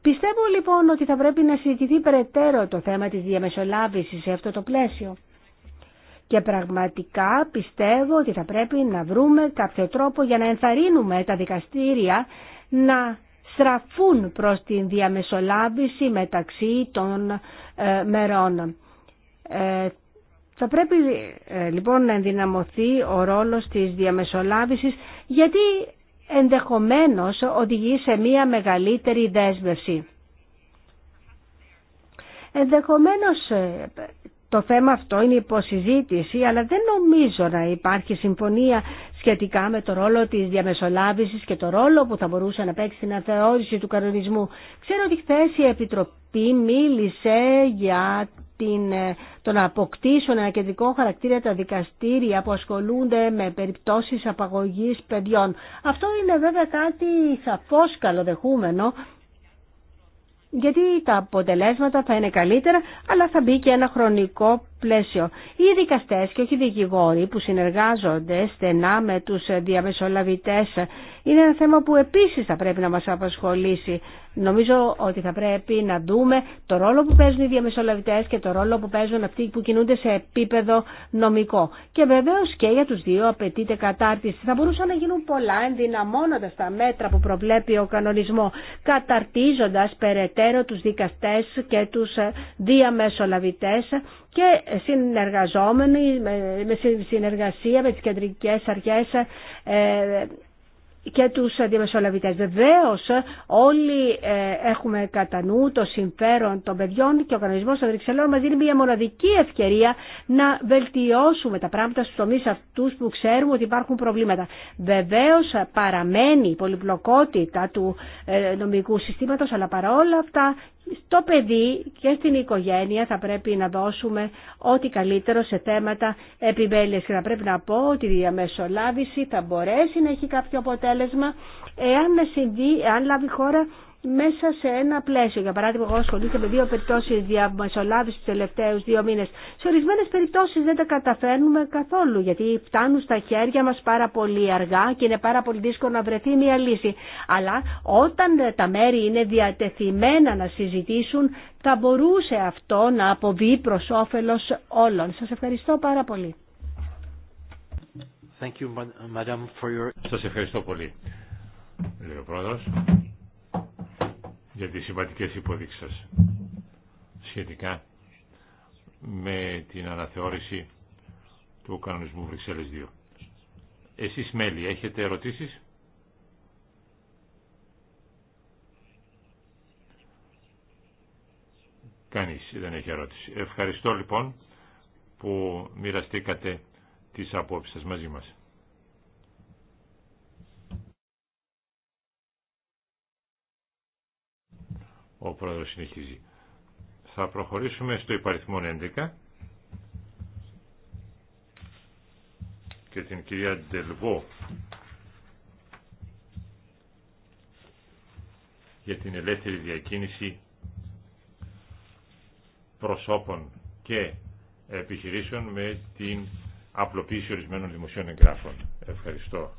Πιστεύω λοιπόν ότι θα πρέπει να συζητηθεί περαιτέρω το θέμα της διαμεσολάβησης σε αυτό το πλαίσιο. Και πραγματικά πιστεύω ότι θα πρέπει να βρούμε κάποιο τρόπο για να ενθαρρύνουμε τα δικαστήρια να στραφούν προς την διαμεσολάβηση μεταξύ των ε, μερών. Ε, θα πρέπει ε, λοιπόν να ενδυναμωθεί ο ρόλος της διαμεσολάβησης γιατί ενδεχομένως οδηγεί σε μία μεγαλύτερη δέσμευση. Ενδεχομένως το θέμα αυτό είναι υποσυζήτηση, αλλά δεν νομίζω να υπάρχει συμφωνία σχετικά με το ρόλο της διαμεσολάβησης και το ρόλο που θα μπορούσε να παίξει στην αθεώρηση του κανονισμού. Ξέρω ότι χθε η Επιτροπή μίλησε για την, ε, το να αποκτήσουν ένα κεντρικό χαρακτήρα τα δικαστήρια που ασχολούνται με περιπτώσεις απαγωγής παιδιών. Αυτό είναι βέβαια κάτι σαφώς καλοδεχούμενο γιατί τα αποτελέσματα θα είναι καλύτερα αλλά θα μπει και ένα χρονικό πλαίσιο. Οι δικαστές και όχι οι δικηγόροι που συνεργάζονται στενά με τους διαμεσολαβητές είναι ένα θέμα που επίση θα πρέπει να μα απασχολήσει. Νομίζω ότι θα πρέπει να δούμε το ρόλο που παίζουν οι διαμεσολαβητές και το ρόλο που παίζουν αυτοί που κινούνται σε επίπεδο νομικό. Και βεβαίω και για τους δύο απαιτείται κατάρτιση. Θα μπορούσαν να γίνουν πολλά ενδυναμώνοντας τα μέτρα που προβλέπει ο κανονισμό, καταρτίζοντας περαιτέρω τους δικαστές και τους διαμεσολαβητές και συνεργαζόμενοι με συνεργασία με τις κεντρικές αρχές ε, και τους αντιμεσολαβητές. Βεβαίως όλοι ε, έχουμε κατά νου το συμφέρον των παιδιών και ο κανονισμός των Βρυξελών μας δίνει μια μοναδική ευκαιρία να βελτιώσουμε τα πράγματα στους τομείς αυτούς που ξέρουμε ότι υπάρχουν προβλήματα. Βεβαίως παραμένει η πολυπλοκότητα του ε, νομικού συστήματος αλλά παρόλα αυτά στο παιδί και στην οικογένεια θα πρέπει να δώσουμε ό,τι καλύτερο σε θέματα επιμέλειας και θα πρέπει να πω ότι η διαμεσολάβηση θα μπορέσει να έχει κάποιο αποτέλεσμα εάν, συμβεί, εάν λάβει χώρα μέσα σε ένα πλαίσιο. Για παράδειγμα, εγώ ασχολήθηκα με δύο περιπτώσει διαμεσολάβηση του τελευταίου δύο μήνε. Σε ορισμένε περιπτώσει δεν τα καταφέρνουμε καθόλου, γιατί φτάνουν στα χέρια μα πάρα πολύ αργά και είναι πάρα πολύ δύσκολο να βρεθεί μια λύση. Αλλά όταν τα μέρη είναι διατεθειμένα να συζητήσουν, θα μπορούσε αυτό να αποβεί προ όφελο όλων. Σα ευχαριστώ πάρα πολύ. Thank you, madam, for your... Σας ευχαριστώ πολύ, για τις συμβατικές υποδείξεις σας σχετικά με την αναθεώρηση του κανονισμού Βρυξέλλες 2. Εσείς μέλη έχετε ερωτήσεις? Κανείς δεν έχει ερώτηση. Ευχαριστώ λοιπόν που μοιραστήκατε τις απόψεις σας μαζί μας. Ο πρόεδρος συνεχίζει. Θα προχωρήσουμε στο υπαριθμό 11 και την κυρία Ντελβό για την ελεύθερη διακίνηση προσώπων και επιχειρήσεων με την απλοποίηση ορισμένων δημοσίων εγγράφων. Ευχαριστώ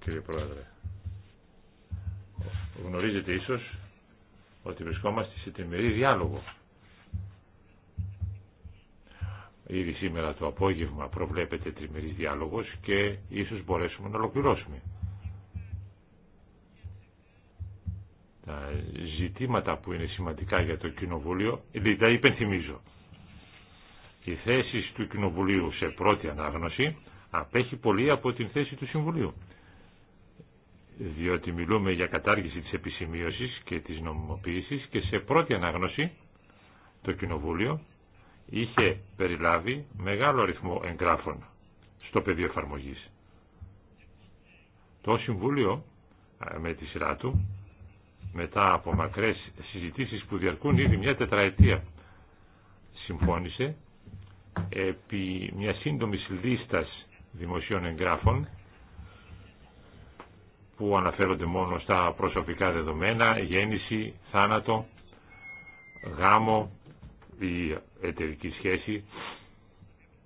κύριε Πρόεδρε. Γνωρίζετε ίσως ότι βρισκόμαστε σε τριμερή διάλογο. Ήδη σήμερα το απόγευμα προβλέπεται τριμερή διάλογος και ίσως μπορέσουμε να ολοκληρώσουμε. Τα ζητήματα που είναι σημαντικά για το Κοινοβούλιο, δηλαδή, τα υπενθυμίζω, η θέση του Κοινοβουλίου σε πρώτη ανάγνωση απέχει πολύ από την θέση του Συμβουλίου διότι μιλούμε για κατάργηση της επισημείωσης και της νομιμοποίησης και σε πρώτη ανάγνωση το Κοινοβούλιο είχε περιλάβει μεγάλο αριθμό εγγράφων στο πεδίο εφαρμογή. Το Συμβούλιο ε, με τη σειρά του μετά από μακρές συζητήσεις που διαρκούν ήδη μια τετραετία συμφώνησε επί μια σύντομη λίστας δημοσίων εγγράφων που αναφέρονται μόνο στα προσωπικά δεδομένα, γέννηση, θάνατο, γάμο ή εταιρική σχέση.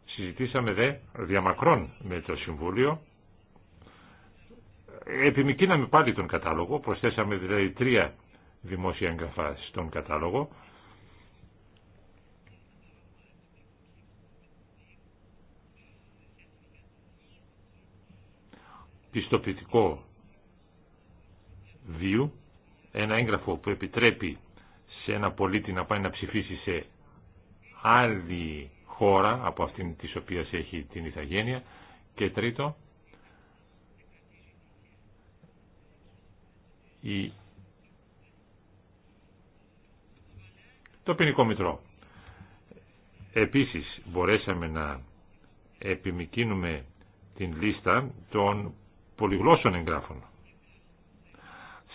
Συζητήσαμε δε διαμακρών με το Συμβούλιο. Επιμικίναμε πάλι τον κατάλογο, προσθέσαμε δηλαδή τρία δημόσια εγγραφά στον κατάλογο. πιστοποιητικό βίου, ένα έγγραφο που επιτρέπει σε ένα πολίτη να πάει να ψηφίσει σε άλλη χώρα από αυτήν της οποίας έχει την ηθαγένεια και τρίτο η... το ποινικό μητρό. Επίσης μπορέσαμε να επιμικίνουμε την λίστα των πολυγλώσσων εγγράφων.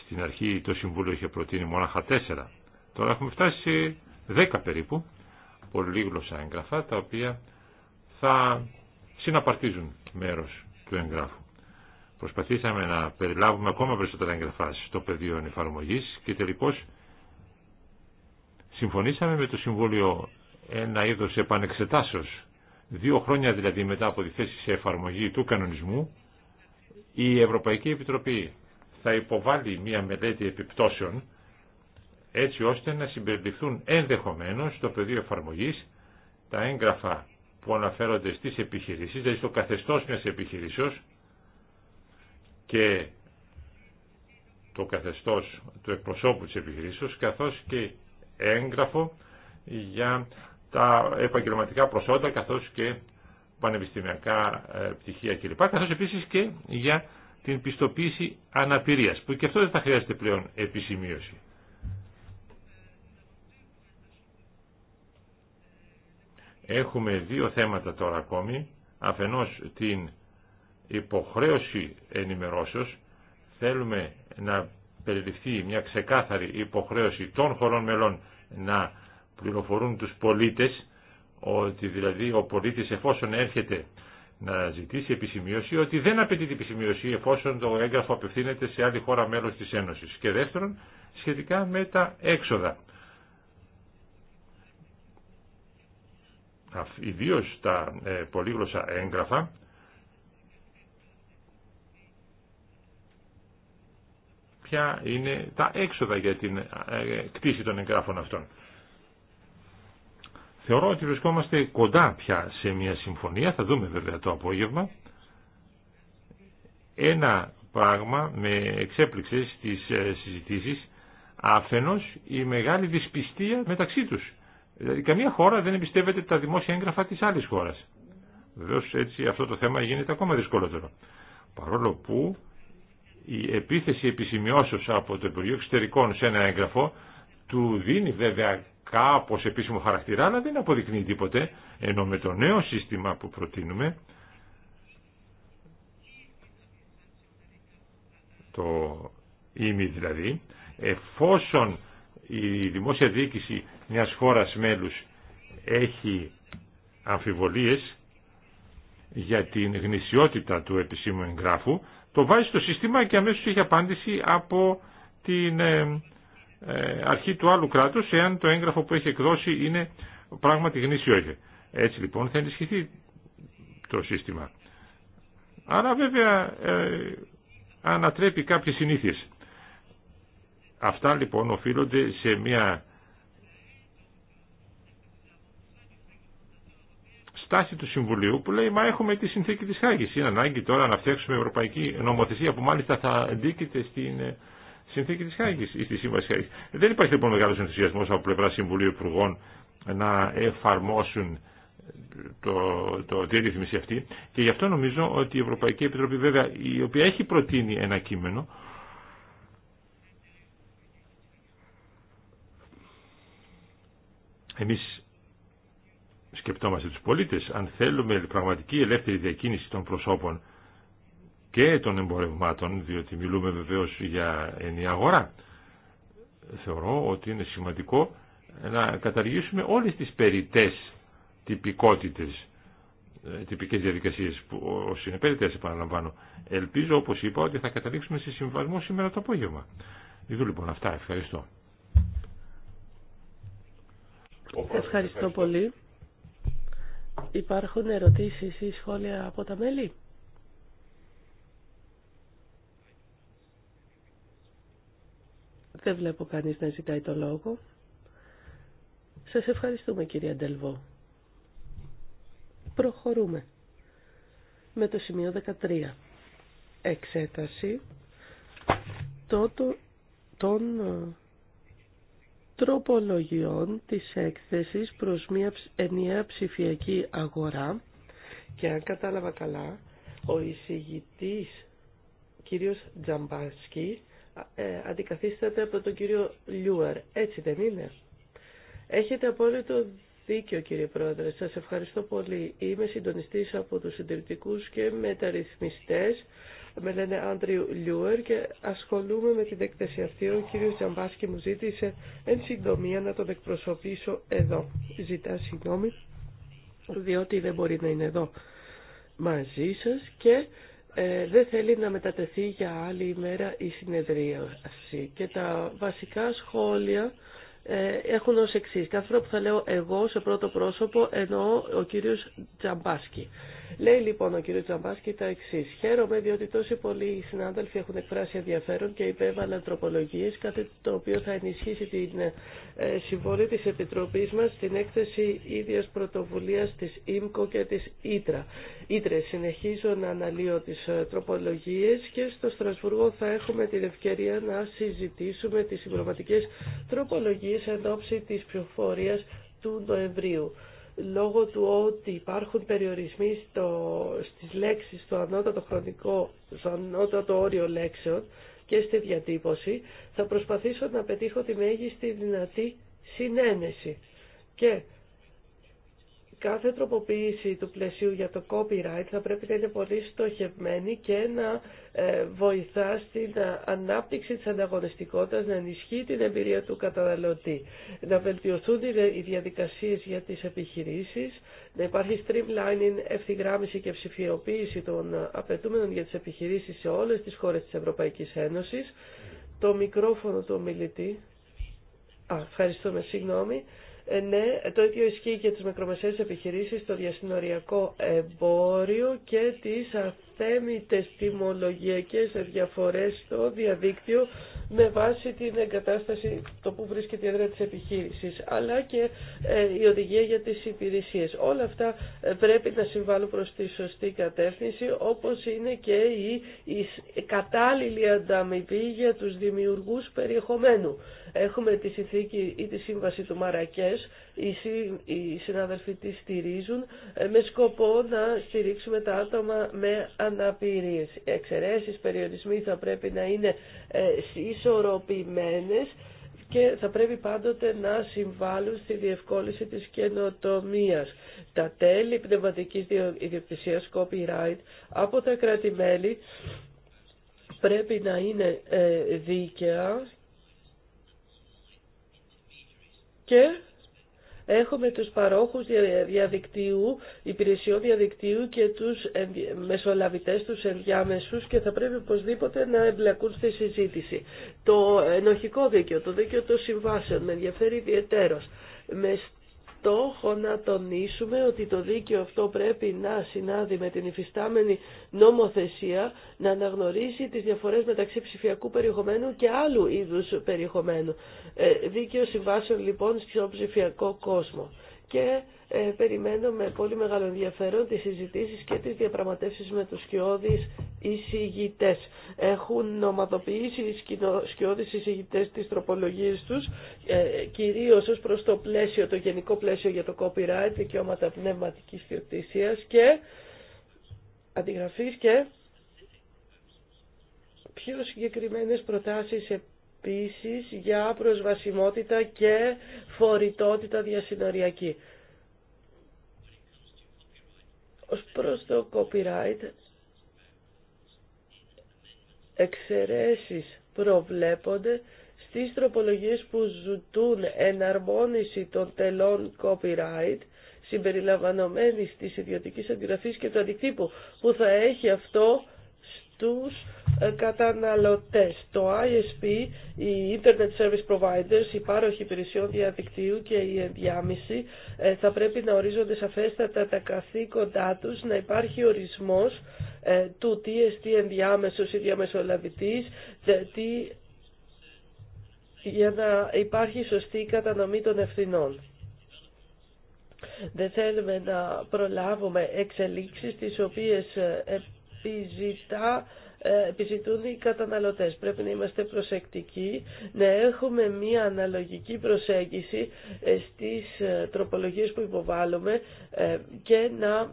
Στην αρχή το Συμβούλιο είχε προτείνει μόναχα τέσσερα. Τώρα έχουμε φτάσει σε δέκα περίπου πολύγλωσσα έγγραφα τα οποία θα συναπαρτίζουν μέρος του εγγράφου. Προσπαθήσαμε να περιλάβουμε ακόμα περισσότερα εγγραφά στο πεδίο εφαρμογή και τελικώ συμφωνήσαμε με το Συμβούλιο ένα είδο επανεξετάσεω. Δύο χρόνια δηλαδή μετά από τη θέση σε εφαρμογή του κανονισμού η Ευρωπαϊκή Επιτροπή θα υποβάλει μια μελέτη επιπτώσεων έτσι ώστε να συμπεριληφθούν ενδεχομένως στο πεδίο εφαρμογής τα έγγραφα που αναφέρονται στις επιχειρήσεις, δηλαδή στο καθεστώς μιας επιχειρήσεως και το καθεστώς του εκπροσώπου της επιχειρήσεως, καθώς και έγγραφο για τα επαγγελματικά προσόντα, καθώς και πανεπιστημιακά ε, πτυχία κλπ. Καθώς επίσης και για την πιστοποίηση αναπηρίας, που και αυτό δεν θα χρειάζεται πλέον επισημείωση. Έχουμε δύο θέματα τώρα ακόμη, αφενός την υποχρέωση ενημερώσεως, θέλουμε να περιληφθεί μια ξεκάθαρη υποχρέωση των χωρών μελών να πληροφορούν τους πολίτες, ότι δηλαδή ο πολίτης εφόσον έρχεται να ζητήσει επισημείωση ότι δεν απαιτείται επισημείωση εφόσον το έγγραφο απευθύνεται σε άλλη χώρα μέλος της Ένωσης. Και δεύτερον, σχετικά με τα έξοδα. Ιδίω τα ε, πολύγλωσσα έγγραφα ποια είναι τα έξοδα για την ε, ε, κτήση των εγγράφων αυτών. Θεωρώ ότι βρισκόμαστε κοντά πια σε μια συμφωνία, θα δούμε βέβαια το απόγευμα. Ένα πράγμα με εξέπληξε στις ε, συζητήσεις, αφενός η μεγάλη δυσπιστία μεταξύ τους. Δηλαδή καμία χώρα δεν εμπιστεύεται τα δημόσια έγγραφα της άλλης χώρας. Βεβαίω έτσι αυτό το θέμα γίνεται ακόμα δυσκολότερο. Παρόλο που η επίθεση επισημειώσεως από το Υπουργείο Εξωτερικών σε ένα έγγραφο του δίνει βέβαια κάπως επίσημο χαρακτήρα, αλλά δεν αποδεικνύει τίποτε, ενώ με το νέο σύστημα που προτείνουμε, το ΙΜΙ δηλαδή, εφόσον η δημόσια διοίκηση μιας χώρας μέλους έχει αμφιβολίες για την γνησιότητα του επισήμου εγγράφου, το βάζει στο σύστημα και αμέσως έχει απάντηση από την ε, ε, αρχή του άλλου κράτου εάν το έγγραφο που έχει εκδώσει είναι πράγματι γνήσιο ή Έτσι λοιπόν θα ενισχυθεί το σύστημα. Άρα βέβαια ε, ανατρέπει κάποιες συνήθειε. Αυτά λοιπόν οφείλονται σε μια στάση του Συμβουλίου που λέει μα έχουμε τη συνθήκη της Χάγης. Είναι ανάγκη τώρα να φτιάξουμε ευρωπαϊκή νομοθεσία που μάλιστα θα αντίκειται στην ε, συνθήκη της Χάγης ή Σύμβαση Δεν υπάρχει λοιπόν μεγάλο ενθουσιασμό από πλευρά Συμβουλίου Υπουργών να εφαρμόσουν το, το, τη ρύθμιση αυτή και γι' αυτό νομίζω ότι η Ευρωπαϊκή Επιτροπή βέβαια η οποία έχει προτείνει ένα κείμενο εμείς σκεπτόμαστε τους πολίτες αν θέλουμε πραγματική ελεύθερη διακίνηση των προσώπων και των εμπορευμάτων, διότι μιλούμε βεβαίως για ενιαία αγορά. Θεωρώ ότι είναι σημαντικό να καταργήσουμε όλες τις περιτές τυπικότητες, ε, τυπικές διαδικασίες που ως είναι περιτές επαναλαμβάνω. Ελπίζω όπως είπα ότι θα καταλήξουμε σε συμβασμό σήμερα το απόγευμα. Ιδού λοιπόν αυτά. Ευχαριστώ. Ευχαριστώ πολύ. Υπάρχουν ερωτήσεις ή σχόλια από τα μέλη. Δεν βλέπω κανείς να ζητάει το λόγο. Σας ευχαριστούμε κυρία Ντελβό. Προχωρούμε με το σημείο 13. Εξέταση των ε, τροπολογιών της έκθεσης προς μια ενιαία ψηφιακή αγορά και αν κατάλαβα καλά ο εισηγητής κύριος Τζαμπάσκι ε, αντικαθίσταται από τον κύριο Λιούαρ. Έτσι δεν είναι. Έχετε απόλυτο δίκιο κύριε Πρόεδρε. Σας ευχαριστώ πολύ. Είμαι συντονιστής από τους συντηρητικούς και μεταρρυθμιστές. Με λένε Άντριου Λιούερ και ασχολούμαι με την έκθεση αυτή. Ο κύριος Τζαμπάσκη μου ζήτησε εν συντομία να τον εκπροσωπήσω εδώ. Ζητά συγγνώμη διότι δεν μπορεί να είναι εδώ μαζί σας και ε, δεν θέλει να μετατεθεί για άλλη ημέρα η συνεδρίαση. Και τα βασικά σχόλια ε, έχουν ως εξής. Κάθε φορά που θα λέω εγώ σε πρώτο πρόσωπο εννοώ ο κύριος Τζαμπάσκι. Λέει λοιπόν ο κ. Τζαμπάσκη τα εξή. Χαίρομαι διότι τόσοι πολλοί συνάδελφοι έχουν εκφράσει ενδιαφέρον και υπέβαλαν τροπολογίε, κάτι το οποίο θα ενισχύσει την ε, συμβολή τη Επιτροπή μα στην έκθεση ίδια πρωτοβουλία τη ΙΜΚΟ και τη ΙΤΡΑ. ΙΤΡΕ, συνεχίζω να αναλύω τι ε, τροπολογίε και στο Στρασβούργο θα έχουμε την ευκαιρία να συζητήσουμε τι συμπληρωματικέ τροπολογίε εν ώψη τη πληροφορία του Νοεμβρίου λόγω του ότι υπάρχουν περιορισμοί στο, στις λέξεις στο ανώτατο χρονικό, στο ανώτατο όριο λέξεων και στη διατύπωση, θα προσπαθήσω να πετύχω τη μέγιστη δυνατή συνένεση. Και κάθε τροποποίηση του πλαισίου για το copyright θα πρέπει να είναι πολύ στοχευμένη και να ε, βοηθά στην ε, ανάπτυξη της ανταγωνιστικότητας, να ενισχύει την εμπειρία του καταναλωτή, να βελτιωθούν οι διαδικασίες για τις επιχειρήσεις, να υπάρχει streamlining, ευθυγράμμιση και ψηφιοποίηση των ε, απαιτούμενων για τις επιχειρήσεις σε όλες τις χώρες της Ευρωπαϊκής Ένωσης, το μικρόφωνο του ομιλητή, α, ευχαριστούμε, συγγνώμη, ε, ναι, το ίδιο ισχύει και τις μικρομεσαίες επιχειρήσεις, το διασυνοριακό εμπόριο και τις αθέμητες τιμολογιακές διαφορές στο διαδίκτυο με βάση την εγκατάσταση, το που βρίσκεται η έδρα της επιχείρησης, αλλά και ε, η οδηγία για τις υπηρεσίες. Όλα αυτά ε, πρέπει να συμβάλλουν προς τη σωστή κατεύθυνση, όπως είναι και η, η κατάλληλη ανταμοιβή για τους δημιουργούς περιεχομένου. Έχουμε τη συνθήκη ή τη σύμβαση του Μαρακές, οι συναδελφοί τη στηρίζουν ε, με σκοπό να στηρίξουμε τα άτομα με αναπηρίες. Εξαιρέσεις, περιορισμοί θα πρέπει να είναι ε, ισορροπημένες και θα πρέπει πάντοτε να συμβάλλουν στη διευκόλυνση της καινοτομίας. Τα τέλη πνευματικής ιδιοκτησίας, copyright, από τα κράτη-μέλη πρέπει να είναι ε, δίκαια και Έχουμε τους παρόχους διαδικτύου, υπηρεσιών διαδικτύου και τους μεσολαβητές, τους ενδιάμεσους και θα πρέπει οπωσδήποτε να εμπλακούν στη συζήτηση. Το ενοχικό δίκαιο, το δίκαιο των συμβάσεων με ενδιαφέρει ιδιαιτέρως. Με στόχο να τονίσουμε ότι το δίκαιο αυτό πρέπει να συνάδει με την υφιστάμενη νομοθεσία, να αναγνωρίσει τις διαφορές μεταξύ ψηφιακού περιεχομένου και άλλου είδους περιεχομένου. Ε, δίκαιο συμβάσεων λοιπόν στο ψηφιακό κόσμο και ε, περιμένω με πολύ μεγάλο ενδιαφέρον τις συζητήσεις και τις διαπραγματεύσεις με τους σκιώδεις εισηγητές. Έχουν ομαδοποιήσει οι σκιώδεις εισηγητές τις τροπολογίες τους, ε, κυρίως ως προς το πλαίσιο, το γενικό πλαίσιο για το copyright, δικαιώματα πνευματικής ιδιοκτησίας και αντιγραφής και πιο συγκεκριμένες προτάσεις επίσης για προσβασιμότητα και φορητότητα διασυνοριακή. Ως προς το copyright, εξαιρέσεις προβλέπονται στις τροπολογίες που ζητούν εναρμόνιση των τελών copyright συμπεριλαμβανομένης της ιδιωτικής αντιγραφής και του αντικτύπου που θα έχει αυτό στους ε, καταναλωτές. Το ISP, οι Internet Service Providers, οι πάροχοι υπηρεσιών διαδικτύου και η ενδιάμεση ε, θα πρέπει να ορίζονται σαφέστατα τα καθήκοντά τους, να υπάρχει ορισμός ε, του τι εστί ενδιάμεσος ή διαμεσολαβητής, τι για να υπάρχει σωστή κατανομή των ευθυνών. Δεν θέλουμε να προλάβουμε εξελίξεις τις οποίες επιζητά ε, επιζητούν οι καταναλωτές. Πρέπει να είμαστε προσεκτικοί, να έχουμε μία αναλογική προσέγγιση ε, στις ε, τροπολογίες που υποβάλλουμε και να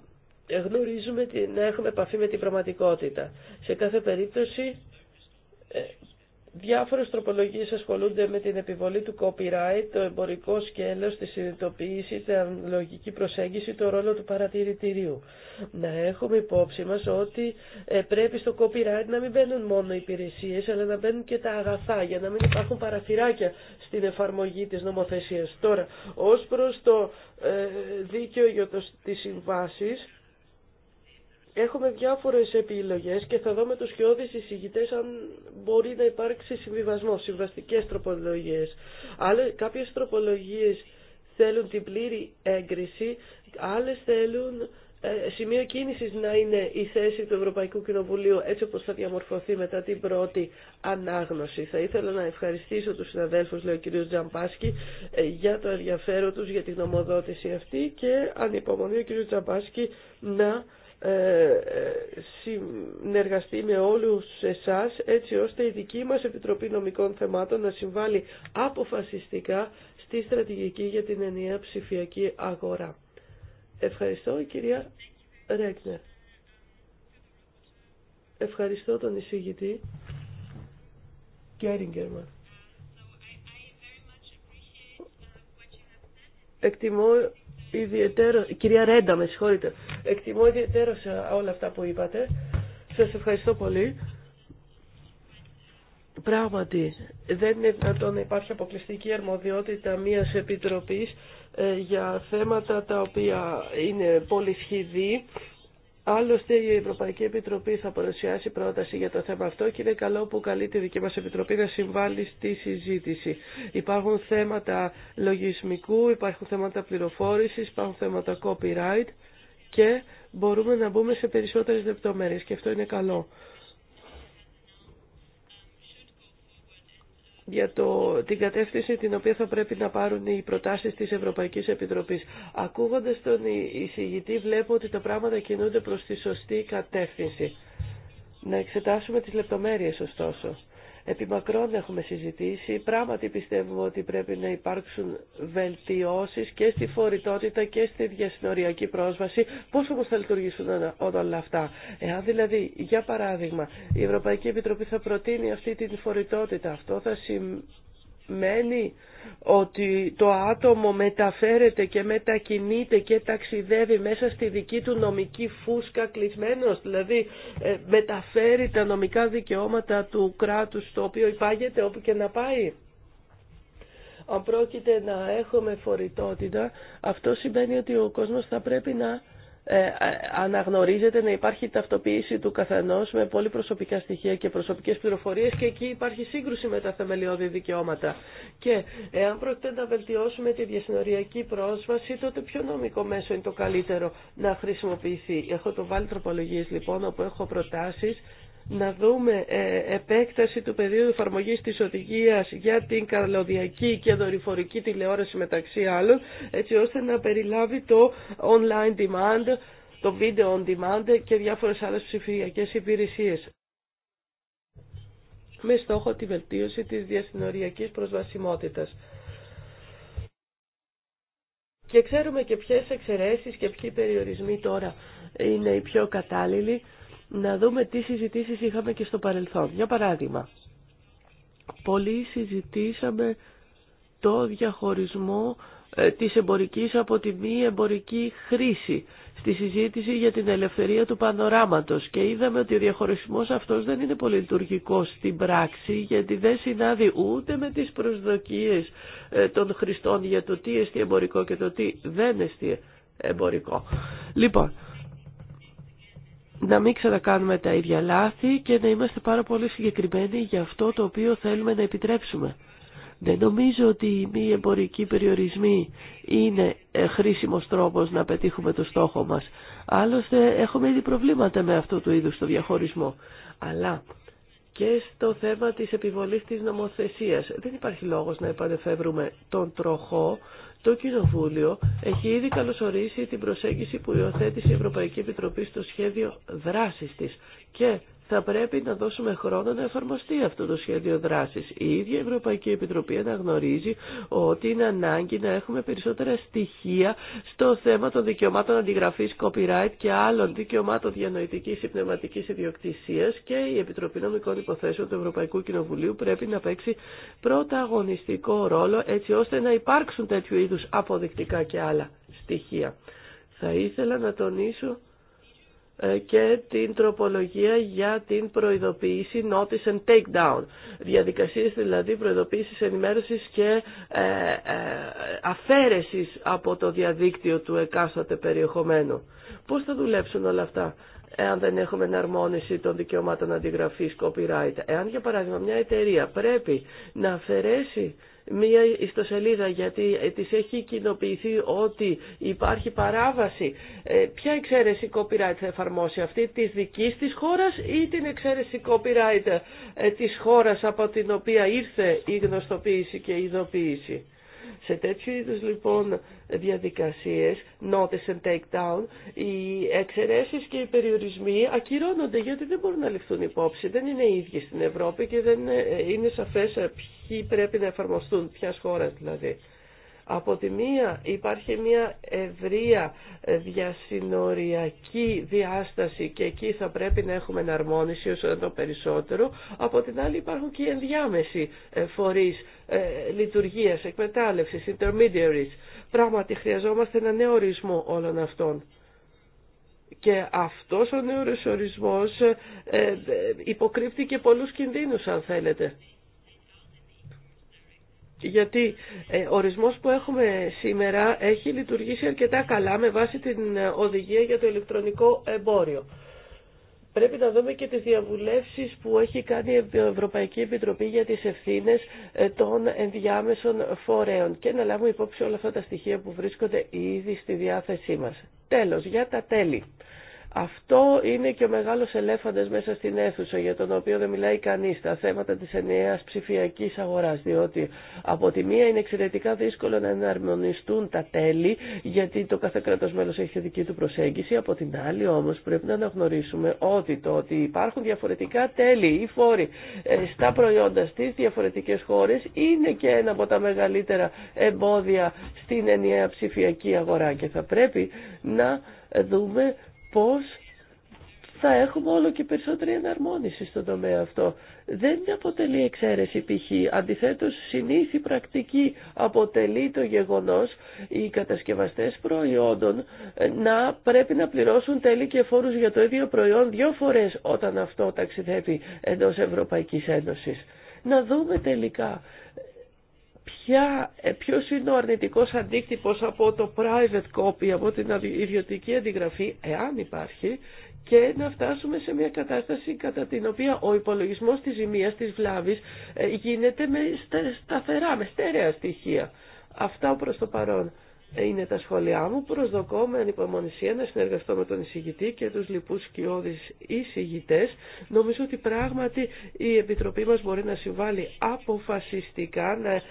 γνωρίζουμε, να έχουμε επαφή με την πραγματικότητα. Σε κάθε περίπτωση Διάφορες τροπολογίες ασχολούνται με την επιβολή του copyright, το εμπορικό σκέλος, τη συνειδητοποίηση, την λογική προσέγγιση, το ρόλο του παρατηρητηρίου. Να έχουμε υπόψη μας ότι ε, πρέπει στο copyright να μην μπαίνουν μόνο οι υπηρεσίες, αλλά να μπαίνουν και τα αγαθά, για να μην υπάρχουν παραθυράκια στην εφαρμογή της νομοθεσίας. Τώρα, ως προς το ε, δίκαιο για τις συμβάσεις, Έχουμε διάφορες επιλογές και θα δούμε τους χειώδεις εισηγητές αν μπορεί να υπάρξει συμβιβασμό, συμβαστικές τροπολογίες. Άλλες, κάποιες τροπολογίες θέλουν την πλήρη έγκριση, άλλες θέλουν ε, σημείο κίνησης να είναι η θέση του Ευρωπαϊκού Κοινοβουλίου έτσι όπως θα διαμορφωθεί μετά την πρώτη ανάγνωση. Θα ήθελα να ευχαριστήσω τους συναδέλφους, λέει ο κ. Τζαμπάσκη, ε, για το ενδιαφέρον τους για την νομοδότηση αυτή και ανυπομονεί ο κ. Τζαμπάσκι να ε, συνεργαστεί με όλους εσάς έτσι ώστε η δική μας Επιτροπή Νομικών Θεμάτων να συμβάλλει αποφασιστικά στη στρατηγική για την ενιαία ψηφιακή αγορά. Ευχαριστώ η κυρία Ρέκνερ. Ευχαριστώ τον εισηγητή Κέριγκερμαν. Εκτιμώ ιδιαίτερο, κυρία Ρέντα, με συγχωρείτε. Εκτιμώ ιδιαίτερο ε, όλα αυτά που είπατε. Σας ευχαριστώ πολύ. Πράγματι, δεν είναι δυνατόν να υπάρχει αποκλειστική αρμοδιότητα μιας επιτροπής ε, για θέματα τα οποία είναι πολύ πολυσχηδή Άλλωστε η Ευρωπαϊκή Επιτροπή θα παρουσιάσει πρόταση για το θέμα αυτό και είναι καλό που καλεί τη δική μας Επιτροπή να συμβάλλει στη συζήτηση. Υπάρχουν θέματα λογισμικού, υπάρχουν θέματα πληροφόρησης, υπάρχουν θέματα copyright και μπορούμε να μπούμε σε περισσότερες λεπτομέρειες και αυτό είναι καλό. για το, την κατεύθυνση την οποία θα πρέπει να πάρουν οι προτάσεις της Ευρωπαϊκής Επιτροπής. Ακούγοντας τον εισηγητή βλέπω ότι τα πράγματα κινούνται προς τη σωστή κατεύθυνση. Να εξετάσουμε τις λεπτομέρειες ωστόσο μακρόν έχουμε συζητήσει. Πράγματι πιστεύουμε ότι πρέπει να υπάρξουν βελτιώσεις και στη φορητότητα και στη διασυνοριακή πρόσβαση. Πώς όμως θα λειτουργήσουν όλα αυτά. Εάν δηλαδή, για παράδειγμα, η Ευρωπαϊκή Επιτροπή θα προτείνει αυτή την φορητότητα, αυτό θα σημαίνει σημαίνει ότι το άτομο μεταφέρεται και μετακινείται και ταξιδεύει μέσα στη δική του νομική φούσκα κλεισμένος, δηλαδή ε, μεταφέρει τα νομικά δικαιώματα του κράτους στο οποίο υπάγεται όπου και να πάει. Αν πρόκειται να έχουμε φορητότητα, αυτό σημαίνει ότι ο κόσμος θα πρέπει να ε, αναγνωρίζεται να υπάρχει ταυτοποίηση του καθενός με πολύ προσωπικά στοιχεία και προσωπικές πληροφορίες και εκεί υπάρχει σύγκρουση με τα θεμελιώδη δικαιώματα. Και εάν πρόκειται να βελτιώσουμε τη διασυνοριακή πρόσβαση, τότε ποιο νομικό μέσο είναι το καλύτερο να χρησιμοποιηθεί. Έχω το βάλει τροπολογίες λοιπόν όπου έχω προτάσεις να δούμε ε, επέκταση του πεδίου εφαρμογής της οδηγίας για την καλωδιακή και δορυφορική τηλεόραση μεταξύ άλλων, έτσι ώστε να περιλάβει το online demand, το video on demand και διάφορες άλλες ψηφιακές υπηρεσίες με στόχο τη βελτίωση της διασυνοριακής προσβασιμότητας. Και ξέρουμε και ποιες εξαιρέσεις και ποιοι περιορισμοί τώρα είναι οι πιο κατάλληλοι να δούμε τι συζητήσεις είχαμε και στο παρελθόν. Για παράδειγμα, Πολλοί συζητήσαμε το διαχωρισμό ε, της εμπορικής από τη μη εμπορική χρήση στη συζήτηση για την ελευθερία του πανοράματος και είδαμε ότι ο διαχωρισμός αυτός δεν είναι πολύ λειτουργικό στην πράξη γιατί δεν συνάδει ούτε με τις προσδοκίες ε, των χρηστών για το τι εστί εμπορικό και το τι δεν εστί εμπορικό. Λοιπόν, να μην ξανακάνουμε τα ίδια λάθη και να είμαστε πάρα πολύ συγκεκριμένοι για αυτό το οποίο θέλουμε να επιτρέψουμε. Δεν νομίζω ότι οι μη εμπορικοί περιορισμοί είναι ε, χρήσιμος τρόπος να πετύχουμε το στόχο μας. Άλλωστε έχουμε ήδη προβλήματα με αυτό του είδους το διαχωρισμό. Αλλά και στο θέμα της επιβολής της νομοθεσίας δεν υπάρχει λόγος να επανεφεύρουμε τον τροχό το Κοινοβούλιο έχει ήδη καλωσορίσει την προσέγγιση που υιοθέτησε η Ευρωπαϊκή Επιτροπή στο σχέδιο δράσης της και θα πρέπει να δώσουμε χρόνο να εφαρμοστεί αυτό το σχέδιο δράση. Η ίδια η Ευρωπαϊκή Επιτροπή αναγνωρίζει ότι είναι ανάγκη να έχουμε περισσότερα στοιχεία στο θέμα των δικαιωμάτων αντιγραφή copyright και άλλων δικαιωμάτων διανοητική ή πνευματικής ιδιοκτησίας και η Επιτροπή Νομικών Υποθέσεων του Ευρωπαϊκού Κοινοβουλίου πρέπει να παίξει πρωταγωνιστικό ρόλο έτσι ώστε να υπάρξουν τέτοιου είδου αποδεικτικά και άλλα στοιχεία. Θα ήθελα να τονίσω ε, και την τροπολογία για την προειδοποίηση notice and takedown. down. Διαδικασίες δηλαδή προειδοποίησης ενημέρωσης και ε, ε, αφαίρεσης από το διαδίκτυο του εκάστοτε περιεχομένου. Πώς θα δουλέψουν όλα αυτά εάν δεν έχουμε εναρμόνιση των δικαιωμάτων αντιγραφής copyright. Εάν για παράδειγμα μια εταιρεία πρέπει να αφαιρέσει μία ιστοσελίδα γιατί ε, της έχει κοινοποιηθεί ότι υπάρχει παράβαση. Ε, ποια εξαίρεση copyright θα εφαρμόσει αυτή της δικής της χώρας ή την εξαίρεση copyright ε, της χώρας από την οποία ήρθε η γνωστοποίηση και η ειδοποίηση. Σε τέτοιου είδους λοιπόν διαδικασίες, notice and take down, οι εξαιρέσεις και οι περιορισμοί ακυρώνονται γιατί δεν μπορούν να ληφθούν υπόψη, δεν είναι οι ίδιοι στην Ευρώπη και δεν ε, ε, είναι σαφές ε, ποιοι πρέπει να εφαρμοστούν, ποιας χώρας δηλαδή. Από τη μία υπάρχει μια ευρεία ε, διασυνοριακή διάσταση και εκεί θα πρέπει να έχουμε εναρμόνιση όσο το περισσότερο. Από την άλλη υπάρχουν και οι ενδιάμεσοι ε, φορείς ε, λειτουργίας, εκμετάλλευσης, intermediaries. Πράγματι χρειαζόμαστε ένα νέο ορισμό όλων αυτών. Και αυτός ο νέος ορισμός υποκρύπτει και πολλούς κινδύνους αν θέλετε γιατί ο ε, ορισμός που έχουμε σήμερα έχει λειτουργήσει αρκετά καλά με βάση την οδηγία για το ηλεκτρονικό εμπόριο. Πρέπει να δούμε και τις διαβουλεύσεις που έχει κάνει η Ευρωπαϊκή Επιτροπή για τις ευθύνες ε, των ενδιάμεσων φορέων και να λάβουμε υπόψη όλα αυτά τα στοιχεία που βρίσκονται ήδη στη διάθεσή μας. Τέλος, για τα τέλη. Αυτό είναι και ο μεγάλος ελέφαντας μέσα στην αίθουσα για τον οποίο δεν μιλάει κανείς τα θέματα της ενιαίας ψηφιακής αγοράς διότι από τη μία είναι εξαιρετικά δύσκολο να εναρμονιστούν τα τέλη γιατί το κάθε κράτος μέλος έχει δική του προσέγγιση από την άλλη όμως πρέπει να αναγνωρίσουμε ότι το ότι υπάρχουν διαφορετικά τέλη ή φόροι ε, στα προϊόντα στις διαφορετικές χώρες είναι και ένα από τα μεγαλύτερα εμπόδια στην ενιαία ψηφιακή αγορά και θα πρέπει να δούμε πώς θα έχουμε όλο και περισσότερη εναρμόνιση στον τομέα αυτό. Δεν αποτελεί εξαίρεση π.χ. Αντιθέτως, συνήθι πρακτική αποτελεί το γεγονός οι κατασκευαστές προϊόντων να πρέπει να πληρώσουν τέλη και φόρους για το ίδιο προϊόν δύο φορές όταν αυτό ταξιδεύει εντός Ευρωπαϊκής Ένωσης. Να δούμε τελικά ποια, ε, ποιος είναι ο αρνητικός αντίκτυπος από το private copy, από την ιδιωτική αντιγραφή, εάν υπάρχει, και να φτάσουμε σε μια κατάσταση κατά την οποία ο υπολογισμός της ζημίας, της βλάβης, ε, γίνεται με σταθερά, με στέρεα στοιχεία. Αυτά προς το παρόν είναι τα σχόλιά μου. Προσδοκώ με ανυπομονησία να συνεργαστώ με τον εισηγητή και τους λοιπούς σκιώδεις εισηγητέ. Νομίζω ότι πράγματι η Επιτροπή μας μπορεί να συμβάλλει αποφασιστικά, να ε,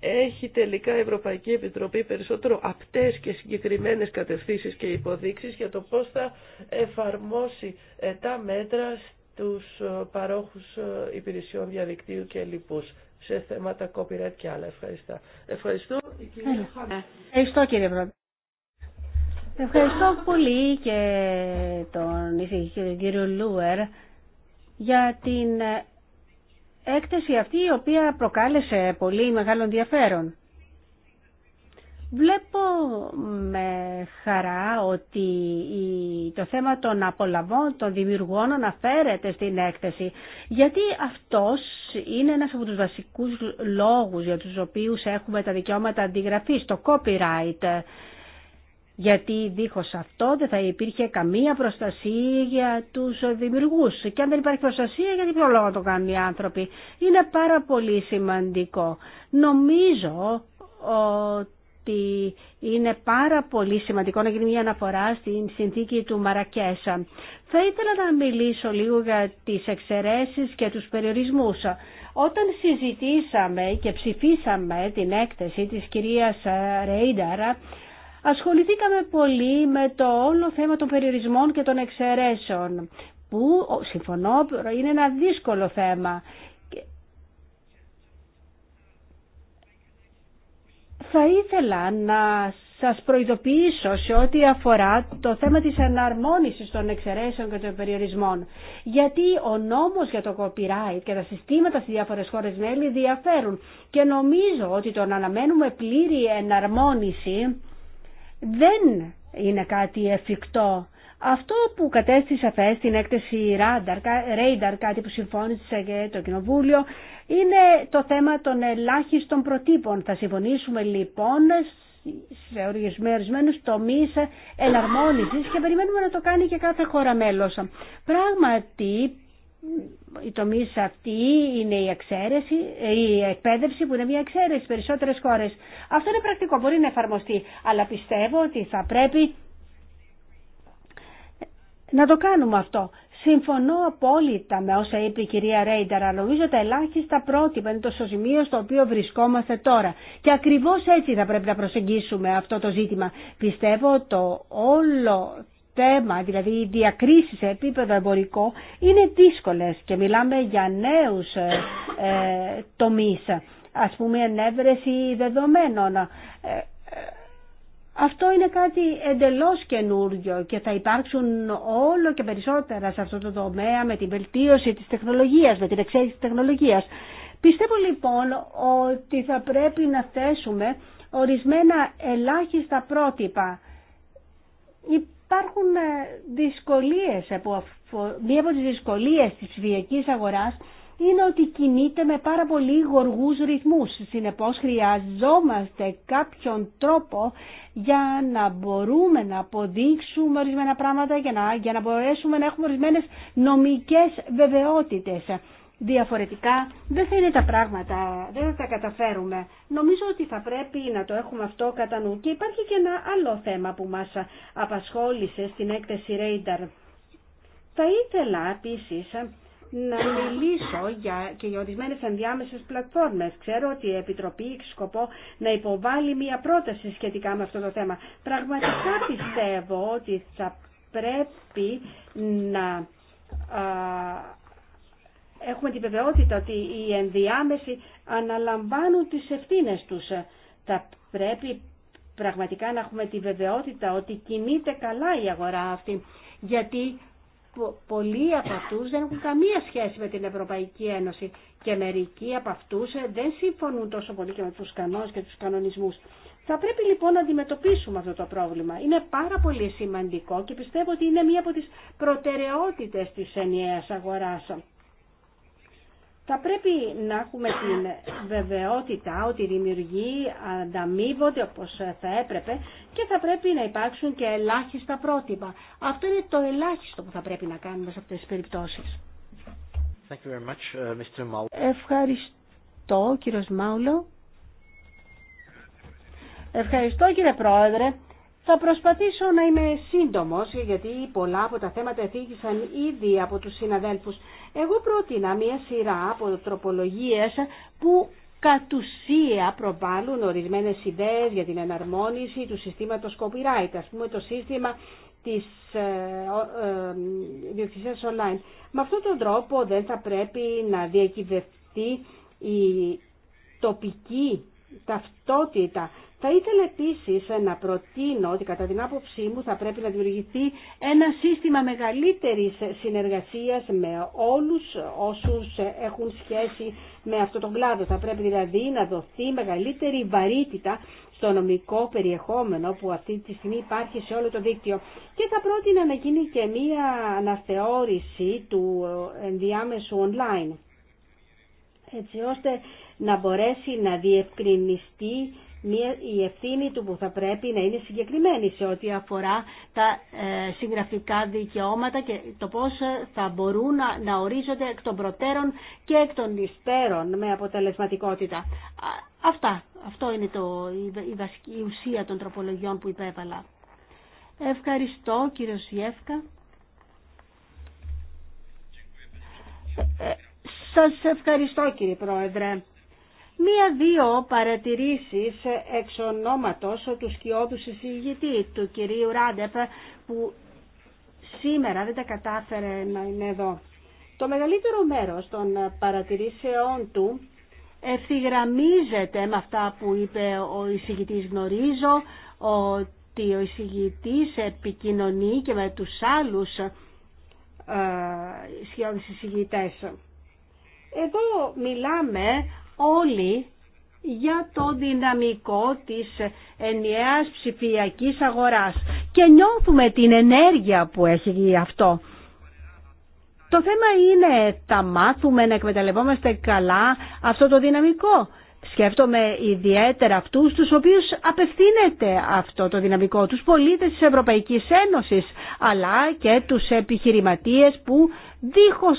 έχει τελικά η Ευρωπαϊκή Επιτροπή περισσότερο απτές και συγκεκριμένες κατευθύνσεις και υποδείξεις για το πώς θα εφαρμόσει ε, τα μέτρα στους ε, παρόχους υπηρεσιών διαδικτύου και λοιπούς σε θέματα copyright και άλλα. Ευχαριστώ. Ευχαριστώ. Ευχαριστώ κύριε Πρόεδρε. Ευχαριστώ πολύ και τον κύριο Λούερ για την έκθεση αυτή η οποία προκάλεσε πολύ μεγάλο ενδιαφέρον. Βλέπω με χαρά ότι το θέμα των απολαμβών των δημιουργών αναφέρεται στην έκθεση γιατί αυτός είναι ένας από τους βασικούς λόγους για τους οποίους έχουμε τα δικαιώματα αντιγραφής, το copyright γιατί δίχως αυτό δεν θα υπήρχε καμία προστασία για τους δημιουργούς. Και αν δεν υπάρχει προστασία, γιατί ποιο λόγο το κάνουν οι άνθρωποι. Είναι πάρα πολύ σημαντικό. Νομίζω ότι είναι πάρα πολύ σημαντικό να γίνει μια αναφορά στην συνθήκη του Μαρακέσα. Θα ήθελα να μιλήσω λίγο για τις εξαιρέσεις και τους περιορισμούς. Όταν συζητήσαμε και ψηφίσαμε την έκθεση της κυρίας Ρέινταρα, ασχοληθήκαμε πολύ με το όλο θέμα των περιορισμών και των εξαιρέσεων που συμφωνώ είναι ένα δύσκολο θέμα Θα ήθελα να σας προειδοποιήσω σε ό,τι αφορά το θέμα της εναρμόνισης των εξαιρέσεων και των περιορισμών. Γιατί ο νόμος για το copyright και τα συστήματα στις διάφορες χώρες μέλη διαφέρουν. Και νομίζω ότι το να αναμένουμε πλήρη εναρμόνιση δεν είναι κάτι εφικτό. Αυτό που κατέστησε σαφέ στην έκθεση Radar, κάτι που συμφώνησε και το Κοινοβούλιο, είναι το θέμα των ελάχιστων προτύπων. Θα συμφωνήσουμε λοιπόν σε ορισμένου τομεί εναρμόνιση και περιμένουμε να το κάνει και κάθε χώρα μέλο. Πράγματι, οι τομεί αυτοί είναι η, εξαίρεση, η εκπαίδευση που είναι μια εξαίρεση στι περισσότερε χώρε. Αυτό είναι πρακτικό, μπορεί να εφαρμοστεί, αλλά πιστεύω ότι θα πρέπει να το κάνουμε αυτό. Συμφωνώ απόλυτα με όσα είπε η κυρία Ρέινταρα, νομίζω τα ελάχιστα πρότυπα είναι το σημείο στο οποίο βρισκόμαστε τώρα. Και ακριβώς έτσι θα πρέπει να προσεγγίσουμε αυτό το ζήτημα. Πιστεύω το όλο θέμα, δηλαδή οι διακρίσει σε επίπεδο εμπορικό, είναι δύσκολες και μιλάμε για νέους ε, ε τομείς. Ας πούμε ενέβρεση δεδομένων, ε, αυτό είναι κάτι εντελώς καινούργιο και θα υπάρξουν όλο και περισσότερα σε αυτό το τομέα με την βελτίωση της τεχνολογίας, με την εξέλιξη της τεχνολογίας. Πιστεύω λοιπόν ότι θα πρέπει να θέσουμε ορισμένα ελάχιστα πρότυπα. Υπάρχουν ε, δυσκολίες, μία από τις δυσκολίες της ψηφιακής αγοράς είναι ότι κινείται με πάρα πολύ γοργούς ρυθμούς. Συνεπώς χρειαζόμαστε κάποιον τρόπο για να μπορούμε να αποδείξουμε ορισμένα πράγματα για να, για να μπορέσουμε να έχουμε ορισμένες νομικές βεβαιότητες. Διαφορετικά δεν θα είναι τα πράγματα, δεν θα τα καταφέρουμε. Νομίζω ότι θα πρέπει να το έχουμε αυτό κατά νου. Και υπάρχει και ένα άλλο θέμα που μας απασχόλησε στην έκθεση Radar. Θα ήθελα επίσης να μιλήσω για, και για ορισμένε ενδιάμεσε πλατφόρμες. Ξέρω ότι η Επιτροπή έχει σκοπό να υποβάλει μία πρόταση σχετικά με αυτό το θέμα. Πραγματικά πιστεύω ότι θα πρέπει να έχουμε την βεβαιότητα ότι οι ενδιάμεσοι αναλαμβάνουν τις ευθύνες τους. Θα πρέπει πραγματικά να έχουμε τη βεβαιότητα ότι κινείται καλά η αγορά αυτή, γιατί πολλοί από αυτούς δεν έχουν καμία σχέση με την Ευρωπαϊκή Ένωση και μερικοί από αυτούς ε, δεν συμφωνούν τόσο πολύ και με τους κανόνες και τους κανονισμούς. Θα πρέπει λοιπόν να αντιμετωπίσουμε αυτό το πρόβλημα. Είναι πάρα πολύ σημαντικό και πιστεύω ότι είναι μία από τις προτεραιότητες της ενιαίας αγοράς θα πρέπει να έχουμε την βεβαιότητα ότι οι ανταμείβονται όπως θα έπρεπε και θα πρέπει να υπάρξουν και ελάχιστα πρότυπα. Αυτό είναι το ελάχιστο που θα πρέπει να κάνουμε σε αυτές τις περιπτώσεις. Thank you very much, uh, Mr. Ευχαριστώ κύριος Μάουλο. Ευχαριστώ κύριε Πρόεδρε. Θα προσπαθήσω να είμαι σύντομος, γιατί πολλά από τα θέματα θίγησαν ήδη από τους συναδέλφους. Εγώ πρότεινα μία σειρά από τροπολογίες που κατ' ουσία προβάλλουν ορισμένες ιδέες για την εναρμόνιση του συστήματος copyright, ας πούμε το σύστημα της ε, ε online. Με αυτόν τον τρόπο δεν θα πρέπει να διακυβευτεί η τοπική ταυτότητα. Θα ήθελα επίσης να προτείνω ότι κατά την άποψή μου θα πρέπει να δημιουργηθεί ένα σύστημα μεγαλύτερης συνεργασίας με όλους όσους έχουν σχέση με αυτό τον κλάδο. Θα πρέπει δηλαδή να δοθεί μεγαλύτερη βαρύτητα στο νομικό περιεχόμενο που αυτή τη στιγμή υπάρχει σε όλο το δίκτυο. Και θα πρότεινα να γίνει και μία αναθεώρηση του ενδιάμεσου online έτσι ώστε να μπορέσει να διευκρινιστεί η ευθύνη του που θα πρέπει να είναι συγκεκριμένη σε ό,τι αφορά τα ε, συγγραφικά δικαιώματα και το πώς θα μπορούν να ορίζονται εκ των προτέρων και εκ των υστέρων με αποτελεσματικότητα. Αυτά. Αυτό είναι το, η, βασική, ουσία των τροπολογιών που υπέβαλα. Ευχαριστώ κύριο Σιέφκα. Ε, ε, σας ευχαριστώ κύριε Πρόεδρε. Μία-δύο παρατηρήσεις εξ ονόματος του σκιώδου συζητητή του κυρίου Ράντεπ που σήμερα δεν τα κατάφερε να είναι εδώ. Το μεγαλύτερο μέρος των παρατηρήσεών του ευθυγραμμίζεται με αυτά που είπε ο εισηγητής γνωρίζω, ότι ο εισηγητής επικοινωνεί και με τους άλλους ε, σχεδόν εισηγητές. Εδώ μιλάμε όλοι για το δυναμικό της ενιαίας ψηφιακής αγοράς και νιώθουμε την ενέργεια που έχει αυτό. Το θέμα είναι τα μάθουμε να εκμεταλλευόμαστε καλά αυτό το δυναμικό Σκέφτομαι ιδιαίτερα αυτούς τους οποίους απευθύνεται αυτό το δυναμικό, τους πολίτες της Ευρωπαϊκής Ένωσης, αλλά και τους επιχειρηματίες που δίχως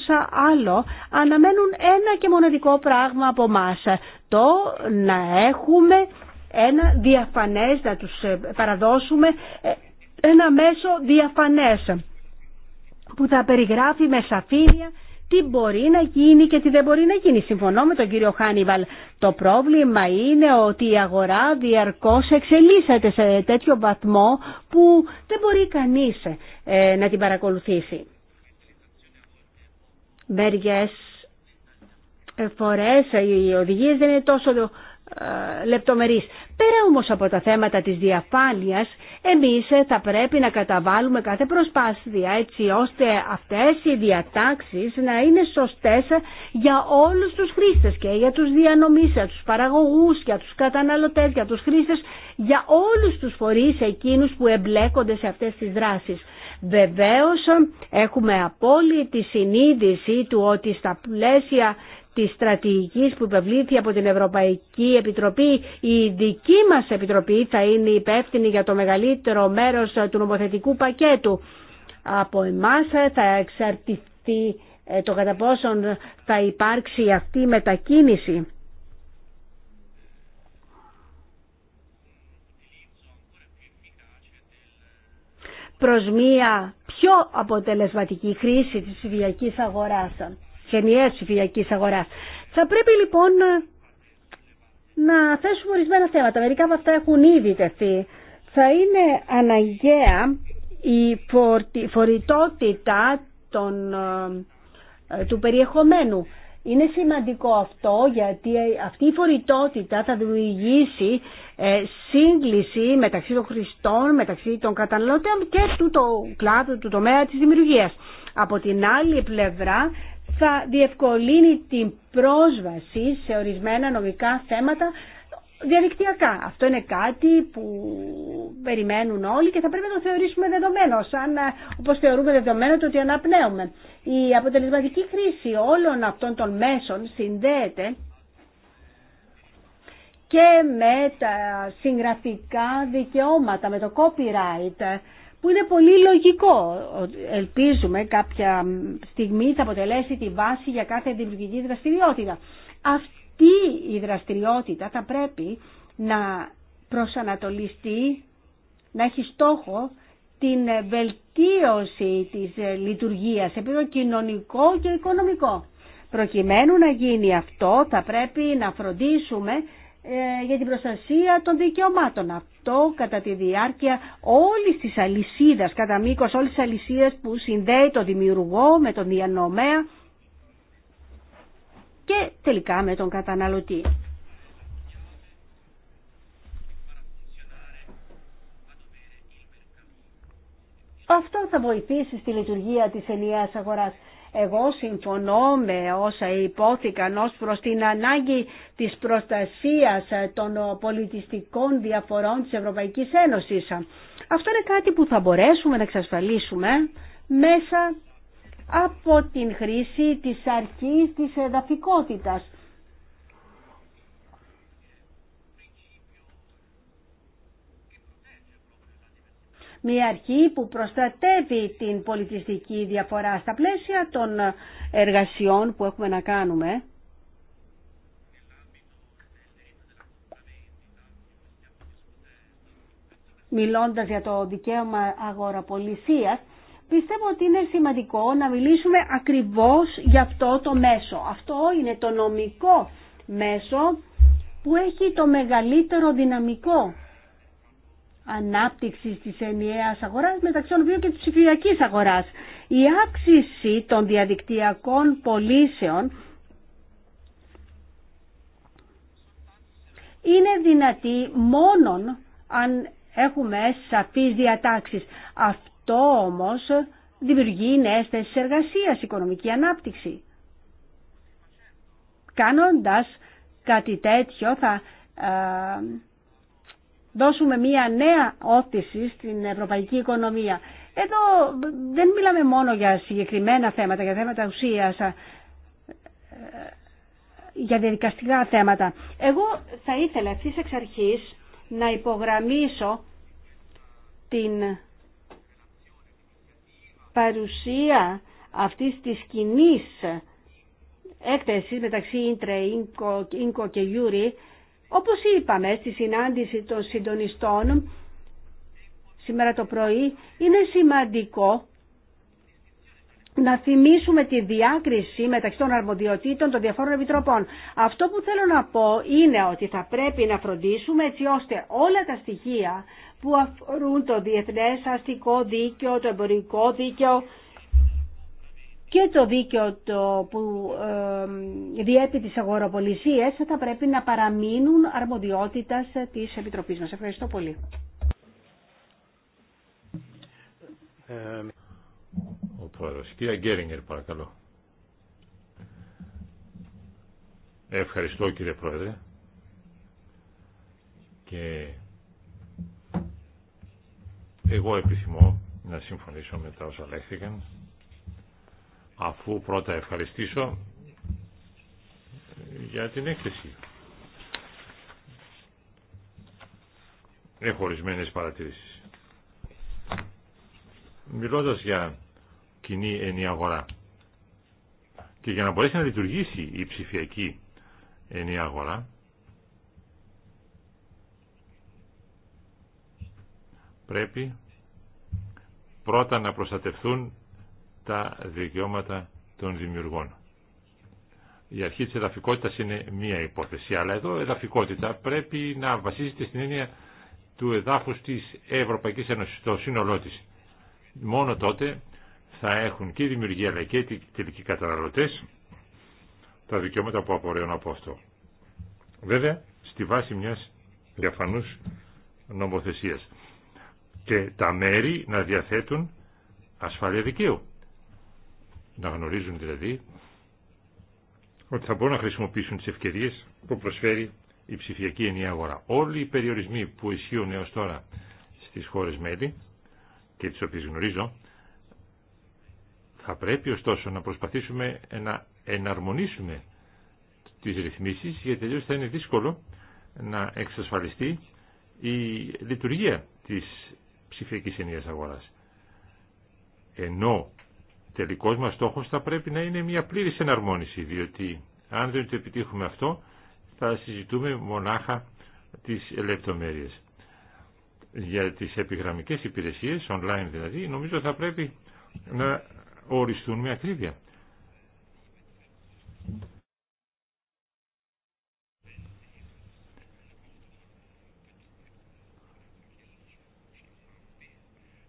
άλλο αναμένουν ένα και μοναδικό πράγμα από μας, το να έχουμε ένα διαφανές, να τους ε, παραδώσουμε ε, ένα μέσο διαφανές που θα περιγράφει με σαφήνεια τι μπορεί να γίνει και τι δεν μπορεί να γίνει. Συμφωνώ με τον κύριο Χάνιβαλ. Το πρόβλημα είναι ότι η αγορά διαρκώς εξελίσσεται σε τέτοιο βαθμό που δεν μπορεί κανείς ε, να την παρακολουθήσει. Μερικές ε, φορές οι οδηγίες δεν είναι τόσο ε, λεπτομερής. Πέρα όμως από τα θέματα της διαφάνειας, εμείς ε, θα πρέπει να καταβάλουμε κάθε προσπάθεια έτσι ώστε αυτές οι διατάξεις να είναι σωστές για όλους τους χρήστες και για τους διανομής, τους παραγωγούς, για τους καταναλωτές, για τους χρήστες, για όλους τους φορείς εκείνους που εμπλέκονται σε αυτές τις δράσεις. Βεβαίως έχουμε απόλυτη συνείδηση του ότι στα πλαίσια Τη στρατηγική που υπευλήθη από την Ευρωπαϊκή Επιτροπή. Η δική μα Επιτροπή θα είναι υπεύθυνη για το μεγαλύτερο μέρος του νομοθετικού πακέτου. Από εμά θα εξαρτηθεί ε, το κατά πόσον θα υπάρξει αυτή η μετακίνηση. προς μία πιο αποτελεσματική χρήση της ιδιακής αγοράς της ενιαίας αγοράς. Θα πρέπει λοιπόν ε, να θέσουμε ορισμένα θέματα. Μερικά από αυτά έχουν ήδη τεθεί. Θα είναι αναγκαία η φορητότητα ε, ε, του περιεχομένου. Είναι σημαντικό αυτό γιατί αυτή η φορητότητα θα δημιουργήσει σύγκληση μεταξύ των χρηστών, μεταξύ των καταναλωτών και του το κλάδου, του τομέα της δημιουργίας. Από την άλλη πλευρά θα διευκολύνει την πρόσβαση σε ορισμένα νομικά θέματα διαδικτυακά. Αυτό είναι κάτι που περιμένουν όλοι και θα πρέπει να το θεωρήσουμε δεδομένο, σαν ε, όπως θεωρούμε δεδομένο το ότι αναπνέουμε. Η αποτελεσματική χρήση όλων αυτών των μέσων συνδέεται και με τα συγγραφικά δικαιώματα, με το copyright που είναι πολύ λογικό. Ελπίζουμε κάποια στιγμή θα αποτελέσει τη βάση για κάθε δημιουργική δραστηριότητα. Αυτή η δραστηριότητα θα πρέπει να προσανατολιστεί, να έχει στόχο την βελτίωση της λειτουργίας, επίπεδο κοινωνικό και οικονομικό. Προκειμένου να γίνει αυτό θα πρέπει να φροντίσουμε ε, για την προστασία των δικαιωμάτων. Αυτό κατά τη διάρκεια όλης της αλυσίδας, κατά μήκο όλης της αλυσίδας που συνδέει το δημιουργό με τον διανομέα και τελικά με τον καταναλωτή. Αυτό θα βοηθήσει στη λειτουργία της ενιαίας αγοράς. Εγώ συμφωνώ με όσα υπόθηκαν ως προς την ανάγκη της προστασίας των πολιτιστικών διαφορών της Ευρωπαϊκής Ένωσης. Αυτό είναι κάτι που θα μπορέσουμε να εξασφαλίσουμε μέσα από την χρήση της αρχής της εδαφικότητας μια αρχή που προστατεύει την πολιτιστική διαφορά στα πλαίσια των εργασιών που έχουμε να κάνουμε. Μιλώντας για το δικαίωμα αγοραπολισίας, πιστεύω ότι είναι σημαντικό να μιλήσουμε ακριβώς για αυτό το μέσο. Αυτό είναι το νομικό μέσο που έχει το μεγαλύτερο δυναμικό ανάπτυξης της ενιαίας αγοράς μεταξύ των οποίων και της ψηφιακής αγοράς. Η αύξηση των διαδικτυακών πολίσεων είναι δυνατή μόνον αν έχουμε σαφείς διατάξεις. Αυτό όμως δημιουργεί νέες θέσεις εργασίας, οικονομική ανάπτυξη. Κάνοντας κάτι τέτοιο θα ε, δώσουμε μία νέα όθηση στην ευρωπαϊκή οικονομία. Εδώ δεν μιλάμε μόνο για συγκεκριμένα θέματα, για θέματα ουσίας, ε, για διαδικαστικά θέματα. Εγώ θα ήθελα αυτή εξ αρχής να υπογραμμίσω την παρουσία αυτής της κοινή έκθεσης μεταξύ Ίντρε, Ίνκο και Γιούρι όπως είπαμε στη συνάντηση των συντονιστών σήμερα το πρωί, είναι σημαντικό να θυμίσουμε τη διάκριση μεταξύ των αρμοδιοτήτων των διαφόρων επιτροπών. Αυτό που θέλω να πω είναι ότι θα πρέπει να φροντίσουμε έτσι ώστε όλα τα στοιχεία που αφορούν το διεθνές αστικό δίκαιο, το εμπορικό δίκαιο, και το δίκαιο το που διέπει τις αγοροπολισίες θα πρέπει να παραμείνουν αρμοδιότητας της Επιτροπής μας. Ευχαριστώ πολύ. Ο πρόεδρος. παρακαλώ. Ευχαριστώ κύριε Πρόεδρε και εγώ επιθυμώ να συμφωνήσω με τα όσα λέχθηκαν αφού πρώτα ευχαριστήσω για την έκθεση. Έχω ορισμένε παρατηρήσεις. Μιλώντας για κοινή αγορά και για να μπορέσει να λειτουργήσει η ψηφιακή αγορά πρέπει πρώτα να προστατευτούν τα δικαιώματα των δημιουργών. Η αρχή της εδαφικότητας είναι μία υπόθεση, αλλά εδώ εδαφικότητα πρέπει να βασίζεται στην έννοια του εδάφους της Ευρωπαϊκής Ένωσης, το σύνολό της. Μόνο τότε θα έχουν και οι δημιουργοί αλλά και οι τελικοί καταναλωτές τα δικαιώματα που απορρέουν από αυτό. Βέβαια, στη βάση μιας διαφανούς νομοθεσίας. Και τα μέρη να διαθέτουν ασφάλεια δικαίου να γνωρίζουν δηλαδή ότι θα μπορούν να χρησιμοποιήσουν τις ευκαιρίες που προσφέρει η ψηφιακή ενιαία αγορά. Όλοι οι περιορισμοί που ισχύουν έως τώρα στις χώρες μέλη και τις οποίες γνωρίζω θα πρέπει ωστόσο να προσπαθήσουμε να εναρμονίσουμε τις ρυθμίσεις γιατί τελείως θα είναι δύσκολο να εξασφαλιστεί η λειτουργία της ψηφιακής ενιαίας αγοράς. Ενώ τελικός μας στόχος θα πρέπει να είναι μια πλήρης εναρμόνιση, διότι αν δεν το επιτύχουμε αυτό θα συζητούμε μονάχα τις λεπτομέρειες. Για τις επιγραμμικές υπηρεσίες, online δηλαδή, νομίζω θα πρέπει να οριστούν με ακρίβεια.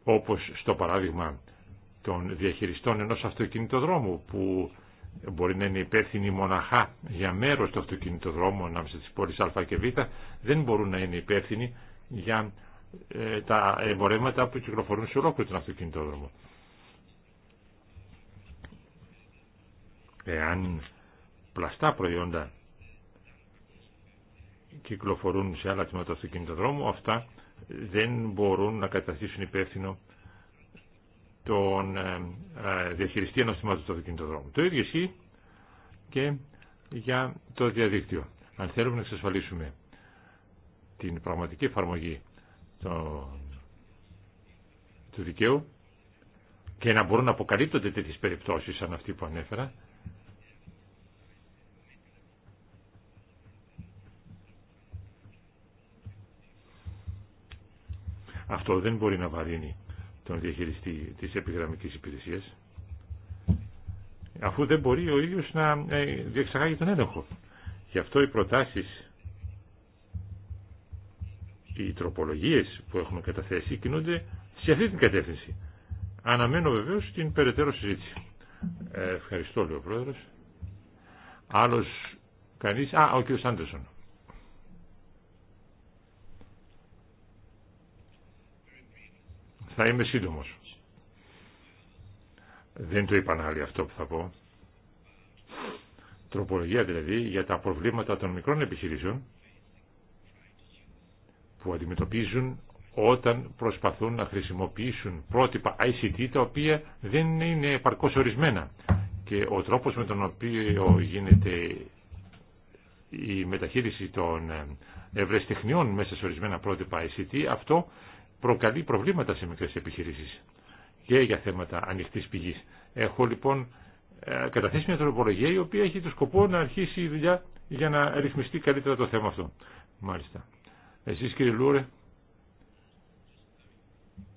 Όπως στο παράδειγμα των διαχειριστών ενός αυτοκινητοδρόμου που μπορεί να είναι υπεύθυνοι μοναχά για μέρος του αυτοκινητοδρόμου ανάμεσα στις πόλεις Α και Β, δεν μπορούν να είναι υπεύθυνοι για ε, τα εμπορεύματα που κυκλοφορούν σε ολόκληρο τον αυτοκινητόδρομο. Εάν πλαστά προϊόντα κυκλοφορούν σε άλλα τμήματα του αυτοκινητοδρόμου, αυτά δεν μπορούν να καταστήσουν υπεύθυνο τον ε, ε, διαχειριστή ενός θυμάτου του αυτοκινητοδρόμου. Το ίδιο ισχύει και για το διαδίκτυο. Αν θέλουμε να εξασφαλίσουμε την πραγματική εφαρμογή του δικαίου και να μπορούν να αποκαλύπτονται τέτοιες περιπτώσεις σαν αυτή που ανέφερα, Αυτό δεν μπορεί να βαρύνει τον διαχειριστή της επιγραμμικής υπηρεσίας αφού δεν μπορεί ο ίδιος να ε, διεξαγάγει τον έλεγχο. Γι' αυτό οι προτάσεις, οι τροπολογίες που έχουμε καταθέσει κινούνται σε αυτή την κατεύθυνση. Αναμένω βεβαίως την περαιτέρω συζήτηση. Ε, ευχαριστώ λέει ο Πρόεδρος. Άλλος κανείς, α, ο κ. Σάντερσον. Θα είμαι σύντομος. Δεν το είπαν άλλοι αυτό που θα πω. Τροπολογία δηλαδή για τα προβλήματα των μικρών επιχειρήσεων που αντιμετωπίζουν όταν προσπαθούν να χρησιμοποιήσουν πρότυπα ICT τα οποία δεν είναι επαρκώς ορισμένα. Και ο τρόπος με τον οποίο γίνεται η μεταχείριση των ευρεσιτεχνιών μέσα σε ορισμένα πρότυπα ICT, αυτό προκαλεί προβλήματα σε μικρές επιχειρήσεις και για θέματα ανοιχτής πηγής. Έχω λοιπόν ε, καταθέσει μια τροπολογία η οποία έχει το σκοπό να αρχίσει η δουλειά για να ρυθμιστεί καλύτερα το θέμα αυτό. Μάλιστα. Εσείς κύριε Λούρε,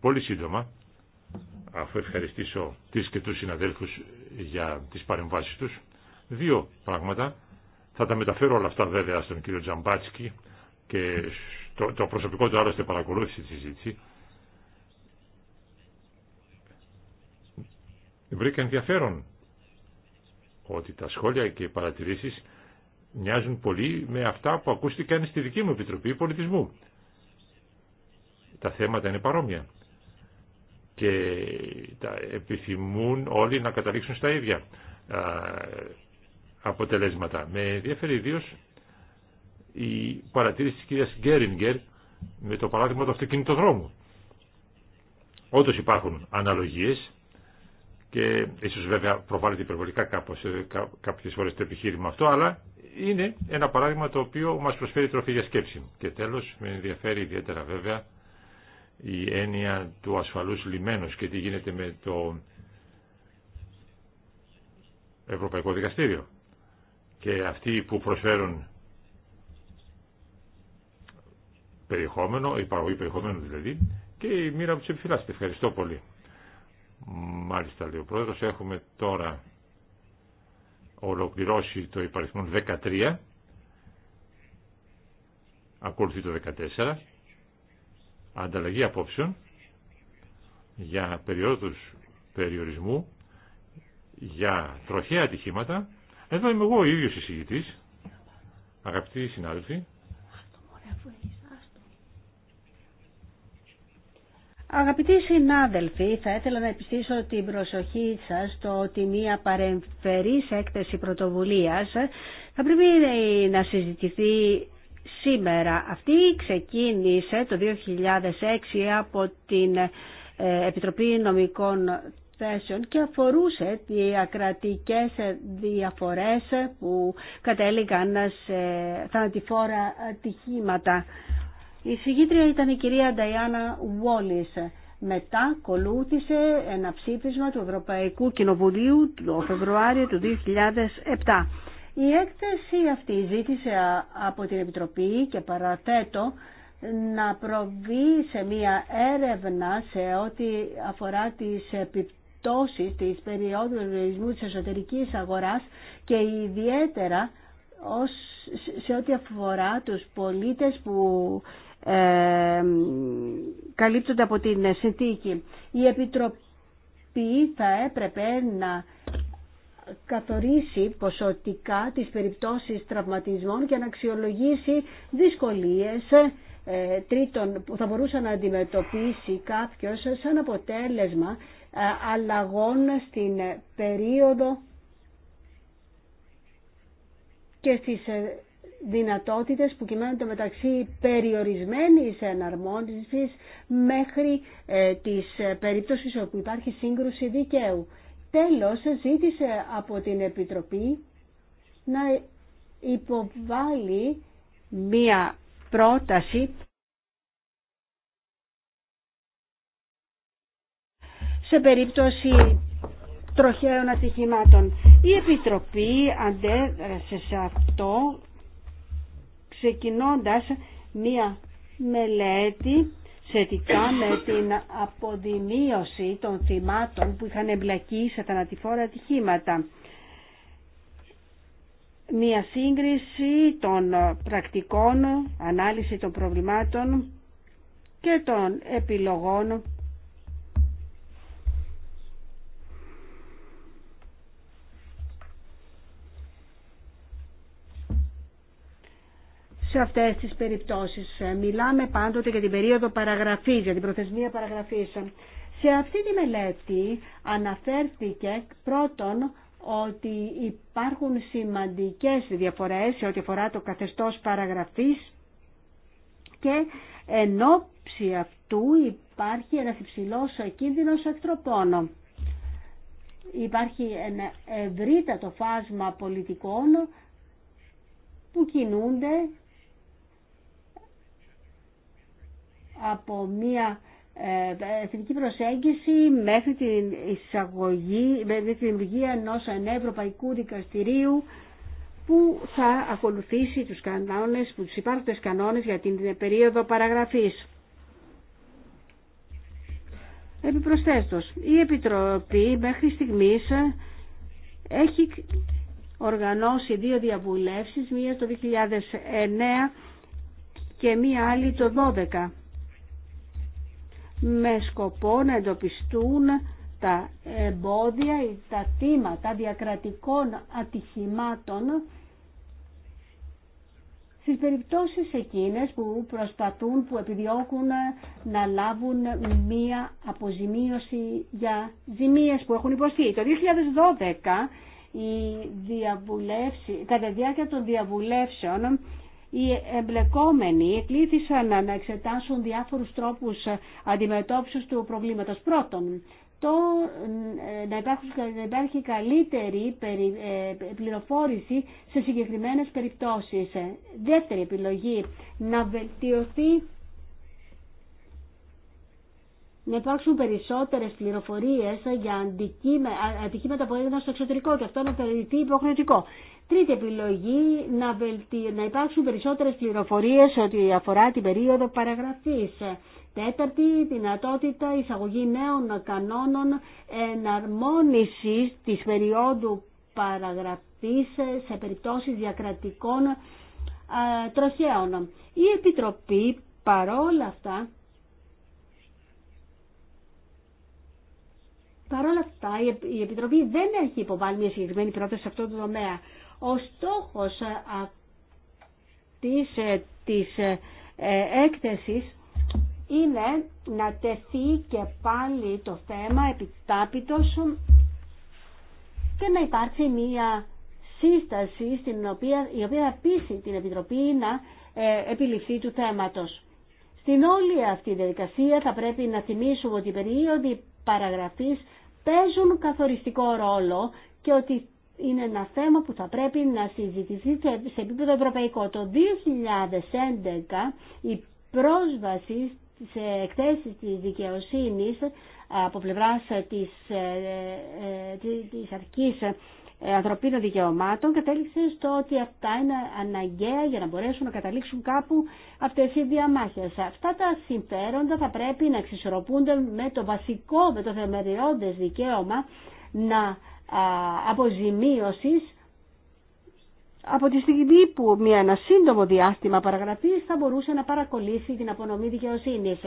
πολύ σύντομα, αφού ευχαριστήσω τις και τους συναδέλφους για τις παρεμβάσεις τους, δύο πράγματα. Θα τα μεταφέρω όλα αυτά βέβαια στον κύριο Τζαμπάτσκι και το, το προσωπικό του άλλωστε παρακολούθησε τη συζήτηση, βρήκα ενδιαφέρον ότι τα σχόλια και οι παρατηρήσεις μοιάζουν πολύ με αυτά που ακούστηκαν στη δική μου Επιτροπή Πολιτισμού. Τα θέματα είναι παρόμοια και τα επιθυμούν όλοι να καταλήξουν στα ίδια αποτελέσματα. Με ενδιαφέρει ιδίω η παρατήρηση της κυρίας Γκέριγκερ με το παράδειγμα του αυτοκινητοδρόμου. Όντω υπάρχουν αναλογίες και ίσως βέβαια προβάλλεται υπερβολικά κάπως, ε, κάποιες φορές το επιχείρημα αυτό, αλλά είναι ένα παράδειγμα το οποίο μας προσφέρει τροφή για σκέψη. Και τέλο με ενδιαφέρει ιδιαίτερα βέβαια η έννοια του ασφαλού λιμένου και τι γίνεται με το Ευρωπαϊκό Δικαστήριο. Και αυτοί που προσφέρουν περιεχόμενο, η παραγωγή περιεχόμενου δηλαδή, και η μοίρα που του επιφυλάσσεται. Ευχαριστώ πολύ. Μάλιστα, λέει ο πρόεδρος, έχουμε τώρα ολοκληρώσει το υπαριθμό 13. Ακολουθεί το 14. Ανταλλαγή απόψεων για περιόδους περιορισμού για τροχαία ατυχήματα. Εδώ είμαι εγώ ο ίδιος εισηγητής, αγαπητοί συνάδελφοι. Αγαπητοί συνάδελφοι, θα ήθελα να επιστήσω την προσοχή σας στο ότι μία παρεμφερής έκθεση πρωτοβουλίας θα πρέπει να συζητηθεί σήμερα. Αυτή ξεκίνησε το 2006 από την ε, Επιτροπή Νομικών Θέσεων και αφορούσε τι ακρατικές διαφορές που κατέληγαν σε θανατηφόρα ατυχήματα. Η συγκίτρια ήταν η κυρία Νταϊάννα Βόλις. Μετά κολούθησε ένα ψήφισμα του Ευρωπαϊκού Κοινοβουλίου το Φεβρουάριο του 2007. Η έκθεση αυτή ζήτησε από την Επιτροπή και παραθέτω να προβεί σε μία έρευνα σε ό,τι αφορά τις επιπτώσεις της περίοδου ρυθμού της εσωτερικής αγοράς και ιδιαίτερα ως, σε ό,τι αφορά τους πολίτες που ε, καλύπτονται από την συνθήκη. Η Επιτροπή θα έπρεπε να καθορίσει ποσοτικά τις περιπτώσεις τραυματισμών και να αξιολογήσει δυσκολίες ε, τρίτων που θα μπορούσε να αντιμετωπίσει κάποιος σαν αποτέλεσμα ε, αλλαγών στην περίοδο και στις δυνατότητες που κυμαίνονται μεταξύ περιορισμένης εναρμόνισης μέχρι ε, της ε, περίπτωσης όπου υπάρχει σύγκρουση δικαίου. Τέλος, ζήτησε από την Επιτροπή να υποβάλει μία πρόταση σε περίπτωση τροχαίων ατυχημάτων. Η Επιτροπή αντέδρασε σε αυτό ξεκινώντας μία μελέτη σχετικά με την αποδημίωση των θυμάτων που είχαν εμπλακεί σε θανατηφόρα ατυχήματα. Μία σύγκριση των πρακτικών, ανάλυση των προβλημάτων και των επιλογών σε αυτές τις περιπτώσεις. Ε, μιλάμε πάντοτε για την περίοδο παραγραφής, για την προθεσμία παραγραφής. Σε αυτή τη μελέτη αναφέρθηκε πρώτον ότι υπάρχουν σημαντικές διαφορές σε ό,τι αφορά το καθεστώς παραγραφής και εν ώψη αυτού υπάρχει ένας υψηλός κίνδυνος εκτροπών. Υπάρχει ένα ευρύτατο φάσμα πολιτικών που κινούνται από μια ε, εθνική προσέγγιση μέχρι την εισαγωγή, μέχρι την δημιουργία ενός ανευρωπαϊκού δικαστηρίου που θα ακολουθήσει τους κανόνες, που τους υπάρχοντες κανόνες για την περίοδο παραγραφής. Επιπροσθέτως, η Επιτροπή μέχρι στιγμής έχει οργανώσει δύο διαβουλεύσεις, μία το 2009 και μία άλλη το 2012 με σκοπό να εντοπιστούν τα εμπόδια ή τα θύματα διακρατικών ατυχημάτων στις περιπτώσεις εκείνες που προσπαθούν, που επιδιώκουν να λάβουν μία αποζημίωση για ζημίες που έχουν υποστεί. Το 2012 η τα κατά διάρκεια των διαβουλεύσεων οι εμπλεκόμενοι εκλήθησαν να εξετάσουν διάφορους τρόπους αντιμετώπισης του προβλήματος. Πρώτον, το ε, να, να υπάρχει καλύτερη ε, πληροφόρηση σε συγκεκριμένες περιπτώσεις. Δεύτερη επιλογή, να βελτιωθεί να υπάρξουν περισσότερες πληροφορίες για αντικείμενα που έγιναν στο εξωτερικό και αυτό να θεωρηθεί υποχρεωτικό. Τρίτη επιλογή, να, υπάρξουν περισσότερες πληροφορίες ότι αφορά την περίοδο παραγραφής. Τέταρτη, δυνατότητα εισαγωγή νέων κανόνων εναρμόνισης της περίοδου παραγραφής σε περιπτώσεις διακρατικών τροχαίων. Η Επιτροπή παρόλα αυτά Παρ' όλα αυτά η Επιτροπή δεν έχει υποβάλει μια συγκεκριμένη πρόταση σε αυτό το τομέα. Ο στόχος ε, της ε, της ε, έκθεσης είναι να τεθεί και πάλι το θέμα επιτάπητος και να υπάρξει μια σύσταση στην οποία, η οποία πείσει την Επιτροπή να επιληφθεί του θέματος. Στην όλη αυτή τη διαδικασία θα πρέπει να θυμίσουμε ότι η παραγραφής παίζουν καθοριστικό ρόλο και ότι είναι ένα θέμα που θα πρέπει να συζητηθεί σε επίπεδο ευρωπαϊκό. Το 2011 η πρόσβαση σε εκθέσεις της δικαιοσύνης από πλευράς της, ε, ε, ε, της αρχής ε, ανθρωπίνων δικαιωμάτων κατέληξε στο ότι αυτά είναι αναγκαία για να μπορέσουν να καταλήξουν κάπου αυτές οι διαμάχες. Αυτά τα συμφέροντα θα πρέπει να εξισορροπούνται με το βασικό, με το θεμελιώδες δικαίωμα να αποζημίωσης από τη στιγμή που με ένα σύντομο διάστημα παραγραφής θα μπορούσε να παρακολύσει την απονομή δικαιοσύνης.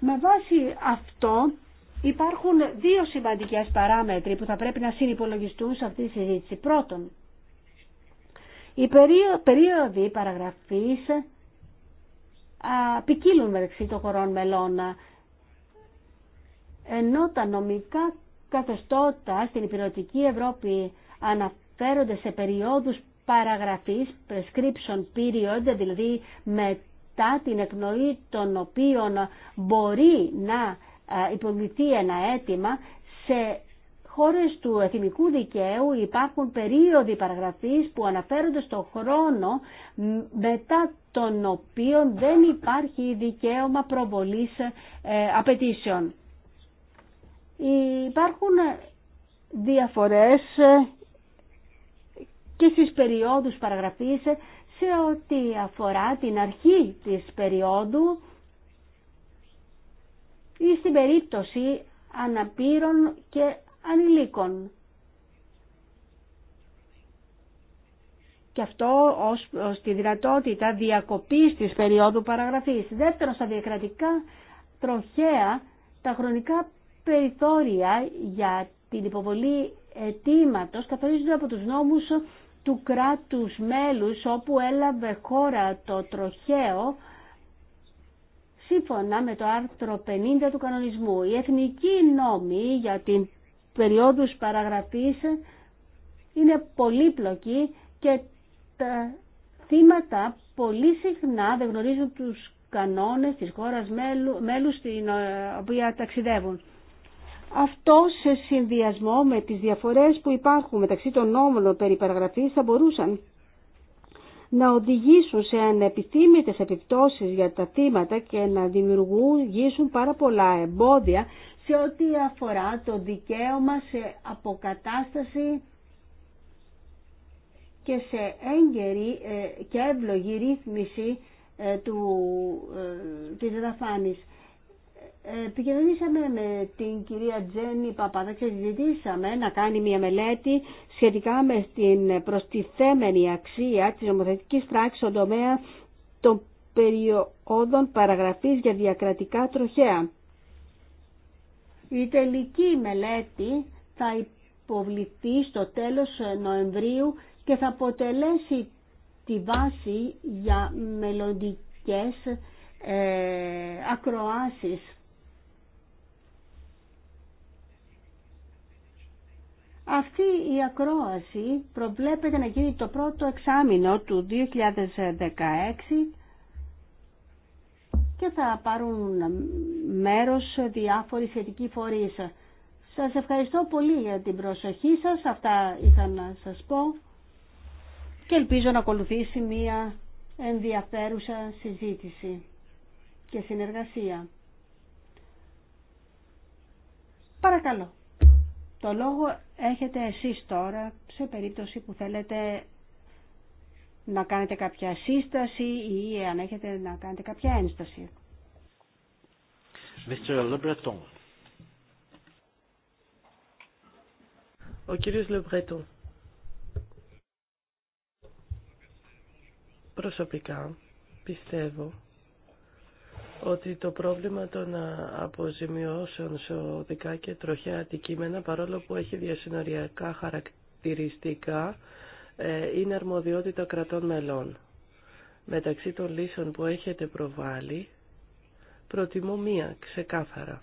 Με βάση αυτό Υπάρχουν δύο σημαντικέ παράμετροι που θα πρέπει να συνυπολογιστούν σε αυτή τη συζήτηση. Πρώτον, οι περίοδοι παραγραφής ποικίλουν μεταξύ των χωρών μελών, ενώ τα νομικά καθεστώτα στην υπηρετική Ευρώπη αναφέρονται σε περιόδους παραγραφής, prescription period, δηλαδή μετά την εκνοή των οποίων μπορεί να ε, υποβληθεί ένα αίτημα σε χώρες του εθνικού δικαίου υπάρχουν περίοδοι παραγραφής που αναφέρονται στον χρόνο μετά τον οποίο δεν υπάρχει δικαίωμα προβολής ε, απαιτήσεων. Υπάρχουν διαφορές ε, και στις περιόδους παραγραφής σε ό,τι αφορά την αρχή της περίοδου στην περίπτωση αναπήρων και ανηλίκων. και αυτό ως, ως, τη δυνατότητα διακοπής της περίοδου παραγραφής. Δεύτερον, στα διακρατικά τροχέα τα χρονικά περιθώρια για την υποβολή αιτήματος καθορίζονται από τους νόμους του κράτους μέλους όπου έλαβε χώρα το τροχαίο Σύμφωνα με το άρθρο 50 του κανονισμού, η εθνικοί νόμοι για την περίοδους παραγραφής είναι πολύπλοκοι και τα θύματα πολύ συχνά δεν γνωρίζουν τους κανόνες της χώρας μέλου, μέλους στην ε, οποία ταξιδεύουν. Αυτό σε συνδυασμό με τις διαφορές που υπάρχουν μεταξύ των νόμων περί παραγραφής θα μπορούσαν να οδηγήσουν σε ανεπιθύμητες επιπτώσεις για τα θύματα και να δημιουργήσουν πάρα πολλά εμπόδια σε ό,τι αφορά το δικαίωμα σε αποκατάσταση και σε έγκαιρη ε, και εύλογη ρύθμιση ε, του, ε, της δαφάνης. Ε, επικοινωνήσαμε με την κυρία Τζέννη Παπαδά και ζητήσαμε να κάνει μια μελέτη σχετικά με την προστιθέμενη αξία της νομοθετικής πράξη στον τομέα των περιόδων παραγραφής για διακρατικά τροχέα. Η τελική μελέτη θα υποβληθεί στο τέλος Νοεμβρίου και θα αποτελέσει τη βάση για μελλοντικές ε, ακροάσεις Αυτή η ακρόαση προβλέπεται να γίνει το πρώτο εξάμεινο του 2016 και θα πάρουν μέρος διάφοροι σχετικοί φορείς. Σας ευχαριστώ πολύ για την προσοχή σας. Αυτά είχα να σας πω και ελπίζω να ακολουθήσει μία ενδιαφέρουσα συζήτηση και συνεργασία. Παρακαλώ. Το λόγο έχετε εσείς τώρα σε περίπτωση που θέλετε να κάνετε κάποια σύσταση ή αν έχετε να κάνετε κάποια ένσταση. Mr. Le Ο κύριος Λεμπρετών. Προσωπικά πιστεύω ότι το πρόβλημα των αποζημιώσεων σε οδικά και τροχιά αντικείμενα, παρόλο που έχει διασυνοριακά χαρακτηριστικά, ε, είναι αρμοδιότητα κρατών μελών. Μεταξύ των λύσεων που έχετε προβάλει, προτιμώ μία ξεκάθαρα,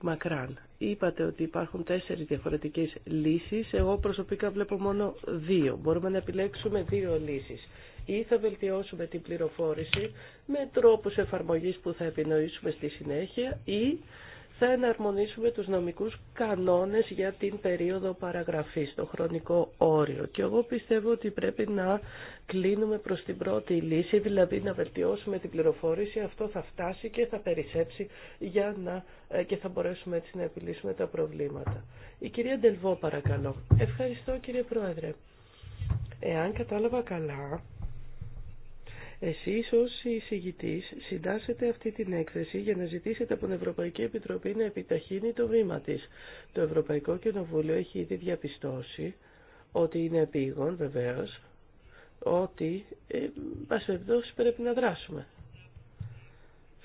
μακράν. Είπατε ότι υπάρχουν τέσσερις διαφορετικές λύσεις, εγώ προσωπικά βλέπω μόνο δύο. Μπορούμε να επιλέξουμε δύο λύσεις ή θα βελτιώσουμε την πληροφόρηση με τρόπους εφαρμογής που θα επινοήσουμε στη συνέχεια ή θα εναρμονίσουμε τους νομικούς κανόνες για την περίοδο παραγραφής, το χρονικό όριο. Και εγώ πιστεύω ότι πρέπει να κλείνουμε προς την πρώτη λύση, δηλαδή να βελτιώσουμε την πληροφόρηση, αυτό θα φτάσει και θα περισσέψει για να, ε, και θα μπορέσουμε έτσι να επιλύσουμε τα προβλήματα. Η κυρία Ντελβό παρακαλώ. Ευχαριστώ κύριε Πρόεδρε. Εάν κατάλαβα καλά, εσείς ως εισηγητής συντάσσετε αυτή την έκθεση για να ζητήσετε από την Ευρωπαϊκή Επιτροπή να επιταχύνει το βήμα της. Το Ευρωπαϊκό Κοινοβούλιο έχει ήδη διαπιστώσει ότι είναι επίγον βεβαίως, ότι ε, πρέπει να δράσουμε.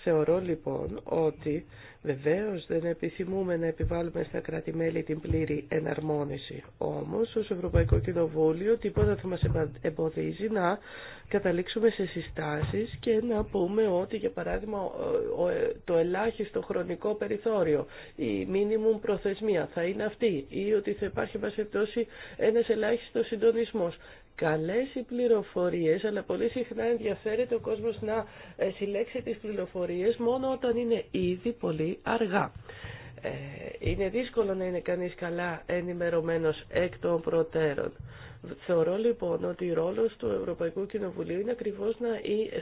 Θεωρώ λοιπόν ότι βεβαίως δεν επιθυμούμε να επιβάλλουμε στα κράτη-μέλη την πλήρη εναρμόνιση. Όμως, ως Ευρωπαϊκό Κοινοβούλιο τίποτα θα μας εμποδίζει να καταλήξουμε σε συστάσεις και να πούμε ότι, για παράδειγμα, ε, το ελάχιστο χρονικό περιθώριο, η μίνιμουμ προθεσμία θα είναι αυτή ή ότι θα υπάρχει, μας ένας ελάχιστος συντονισμός καλές οι πληροφορίες, αλλά πολύ συχνά ενδιαφέρεται ο κόσμος να ε, συλλέξει τις πληροφορίες μόνο όταν είναι ήδη πολύ αργά. Ε, είναι δύσκολο να είναι κανείς καλά ενημερωμένος εκ των προτέρων. Θεωρώ λοιπόν ότι ρόλος του Ευρωπαϊκού Κοινοβουλίου είναι ακριβώς να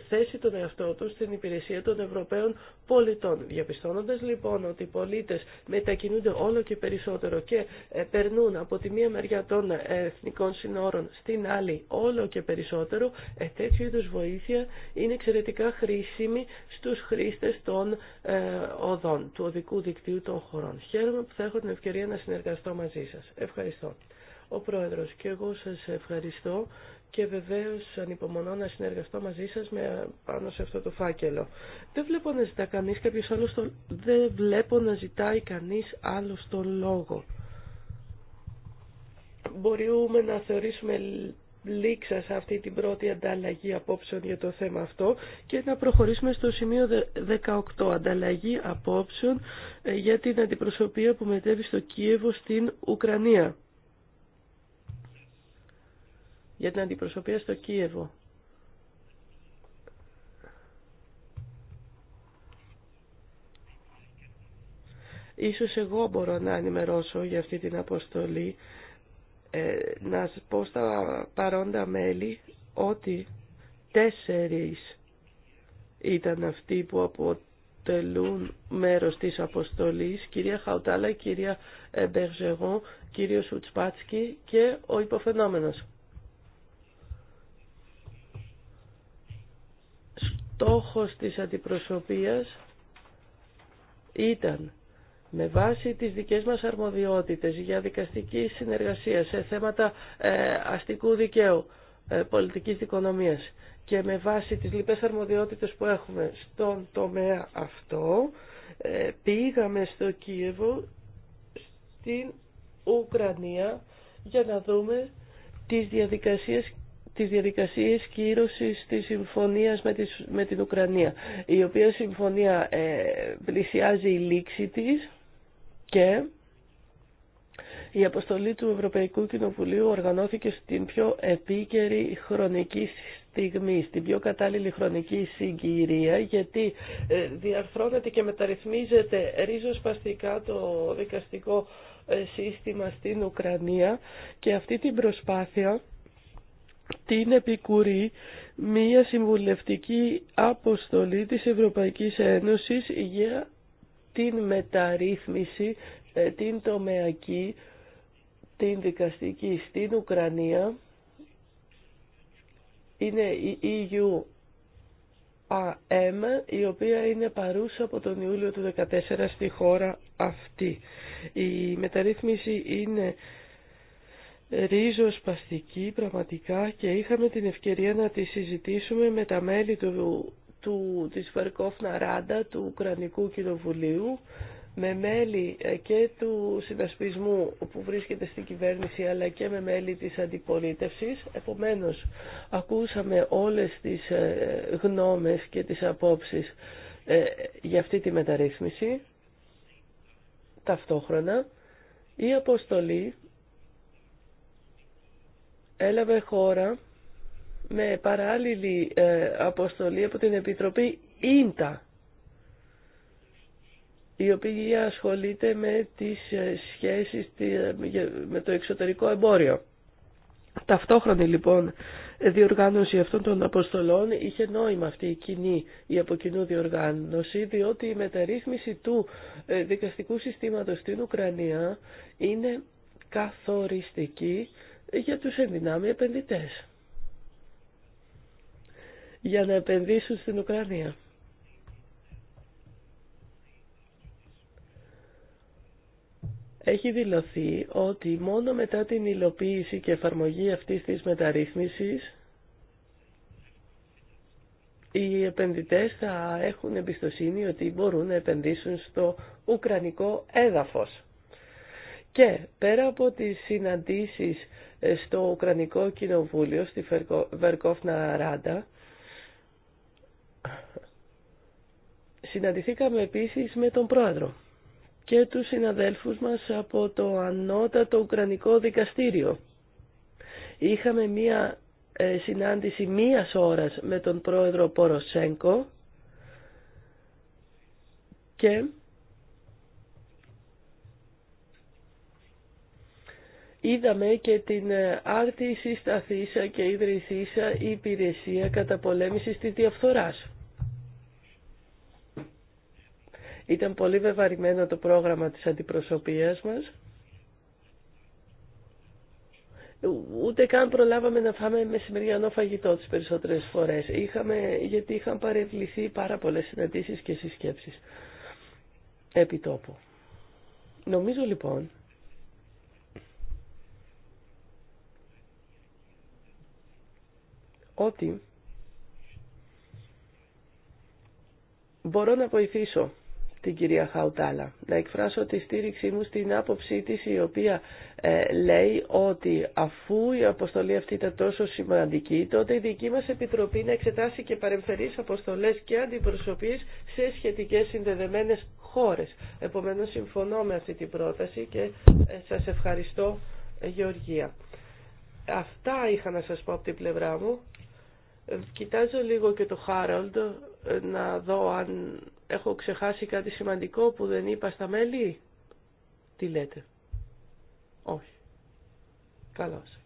θέσει τον εαυτό του στην υπηρεσία των Ευρωπαίων πολιτών. Διαπιστώνοντας λοιπόν ότι οι πολίτες μετακινούνται όλο και περισσότερο και ε, περνούν από τη μία μεριά των ε, εθνικών συνόρων στην άλλη όλο και περισσότερο, ε, τέτοιου είδους βοήθεια είναι εξαιρετικά χρήσιμη στους χρήστες των ε, οδών, του οδικού δικτύου των χωρών. Χαίρομαι που θα έχω την ευκαιρία να συνεργαστώ μαζί σας. Ευχαριστώ. Ο Πρόεδρος και εγώ σας ευχαριστώ και βεβαίως ανυπομονώ να συνεργαστώ μαζί σας με, πάνω σε αυτό το φάκελο. Δεν βλέπω να ζητά κανείς κάποιος άλλος τον... Δεν βλέπω να ζητάει κανείς άλλος τον λόγο. Μπορούμε να θεωρήσουμε λήξα σε αυτή την πρώτη ανταλλαγή απόψεων για το θέμα αυτό και να προχωρήσουμε στο σημείο 18, ανταλλαγή απόψεων ε, για την αντιπροσωπεία που μετέβει στο Κίεβο στην Ουκρανία για την αντιπροσωπεία στο Κίεβο. Ίσως εγώ μπορώ να ενημερώσω για αυτή την αποστολή, ε, να πω στα παρόντα μέλη ότι τέσσερις ήταν αυτοί που αποτελούν μέρος της αποστολής, κυρία Χαουτάλα, κυρία Μπερζεγόν, κύριο Σουτσπάτσκι και ο υποφαινόμενος. στόχος της αντιπροσωπείας ήταν με βάση τις δικές μας αρμοδιότητες για δικαστική συνεργασία σε θέματα ε, αστικού δικαίου, ε, πολιτικής δικονομίας και με βάση τις λοιπές αρμοδιότητες που έχουμε στον τομέα αυτό, ε, πήγαμε στο Κίεβο, στην Ουκρανία, για να δούμε τις διαδικασίες τις διαδικασίες κύρωσης της συμφωνίας με, την Ουκρανία, η οποία συμφωνία ε, πλησιάζει η λήξη της και η αποστολή του Ευρωπαϊκού Κοινοβουλίου οργανώθηκε στην πιο επίκαιρη χρονική στιγμή, στην πιο κατάλληλη χρονική συγκυρία, γιατί ε, διαρθρώνεται και μεταρρυθμίζεται ρίζοσπαστικά το δικαστικό ε, σύστημα στην Ουκρανία και αυτή την προσπάθεια την επικουρεί μία συμβουλευτική αποστολή της Ευρωπαϊκής Ένωσης για την μεταρρύθμιση, ε, την τομεακή, την δικαστική στην Ουκρανία. Είναι η EU η οποία είναι παρούσα από τον Ιούλιο του 2014 στη χώρα αυτή. Η μεταρρύθμιση είναι ρίζοσπαστική πραγματικά και είχαμε την ευκαιρία να τη συζητήσουμε με τα μέλη του, του, της Φερκόφνα Ράντα του Ουκρανικού Κοινοβουλίου με μέλη ε, και του συνασπισμού που βρίσκεται στην κυβέρνηση αλλά και με μέλη της αντιπολίτευσης. Επομένως, ακούσαμε όλες τις ε, γνώμες και τις απόψεις ε, για αυτή τη μεταρρύθμιση. Ταυτόχρονα, η αποστολή έλαβε χώρα με παράλληλη ε, αποστολή από την Επιτροπή Ίντα η οποία ασχολείται με τις ε, σχέσεις ε, με το εξωτερικό εμπόριο. Ταυτόχρονη λοιπόν διοργάνωση αυτών των αποστολών είχε νόημα αυτή η κοινή, η αποκοινού διοργάνωση, διότι η μεταρρύθμιση του δικαστικού συστήματος στην Ουκρανία είναι καθοριστική για τους ενδυνάμει επενδυτές για να επενδύσουν στην Ουκρανία. Έχει δηλωθεί ότι μόνο μετά την υλοποίηση και εφαρμογή αυτής της μεταρρύθμισης οι επενδυτές θα έχουν εμπιστοσύνη ότι μπορούν να επενδύσουν στο ουκρανικό έδαφος. Και πέρα από τις συναντήσεις ε, στο Ουκρανικό Κοινοβούλιο, στη Βερκόφνα Ράντα. Συναντηθήκαμε επίσης με τον πρόεδρο και τους συναδέλφους μας από το ανώτατο Ουκρανικό Δικαστήριο. Είχαμε μία ε, συνάντηση μίας ώρας με τον πρόεδρο Ποροσέγκο και Είδαμε και την ε, άρτη συσταθήσα και ιδρυθήσα υπηρεσία πολέμησης της διαφθοράς. Ήταν πολύ βεβαρημένο το πρόγραμμα της αντιπροσωπείας μας. Ε, ούτε καν προλάβαμε να φάμε μεσημεριανό φαγητό τις περισσότερες φορές. Είχαμε, γιατί είχαν παρευληθεί πάρα πολλές συναντήσεις και συσκέψεις επί τόπου. Νομίζω λοιπόν ότι μπορώ να βοηθήσω την κυρία Χαουτάλα, να εκφράσω τη στήριξή μου στην άποψή της η οποία ε, λέει ότι αφού η αποστολή αυτή ήταν τόσο σημαντική, τότε η δική μας Επιτροπή να εξετάσει και παρεμφερείς αποστολές και αντιπροσωπείς σε σχετικές συνδεδεμένες χώρες. Επομένως συμφωνώ με αυτή την πρόταση και ε, σας ευχαριστώ Γεωργία. Αυτά είχα να σας πω από την πλευρά μου. Κοιτάζω λίγο και το Χάραλντ ε, να δω αν έχω ξεχάσει κάτι σημαντικό που δεν είπα στα μέλη. Τι λέτε. Όχι. Καλώς.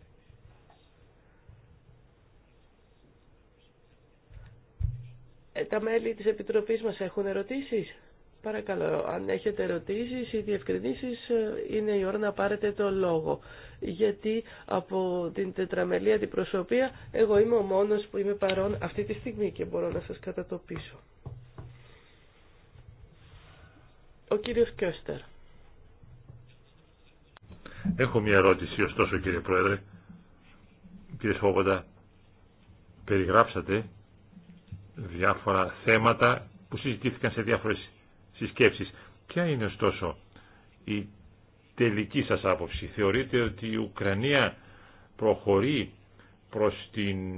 Ε, τα μέλη της Επιτροπής μας έχουν ερωτήσεις. Παρακαλώ, αν έχετε ερωτήσεις ή διευκρινήσεις, ε, είναι η ώρα να πάρετε το λόγο γιατί από την τετραμελή αντιπροσωπεία εγώ είμαι ο μόνος που είμαι παρόν αυτή τη στιγμή και μπορώ να σας κατατοπίσω. Ο κύριος Κέστερ. Έχω μια ερώτηση, ωστόσο κύριε Πρόεδρε. Κύριε Σφόβοντα, περιγράψατε διάφορα θέματα που συζητήθηκαν σε διάφορες συσκέψεις. Ποια είναι ωστόσο η τελική σας άποψη. Θεωρείτε ότι η Ουκρανία προχωρεί προς την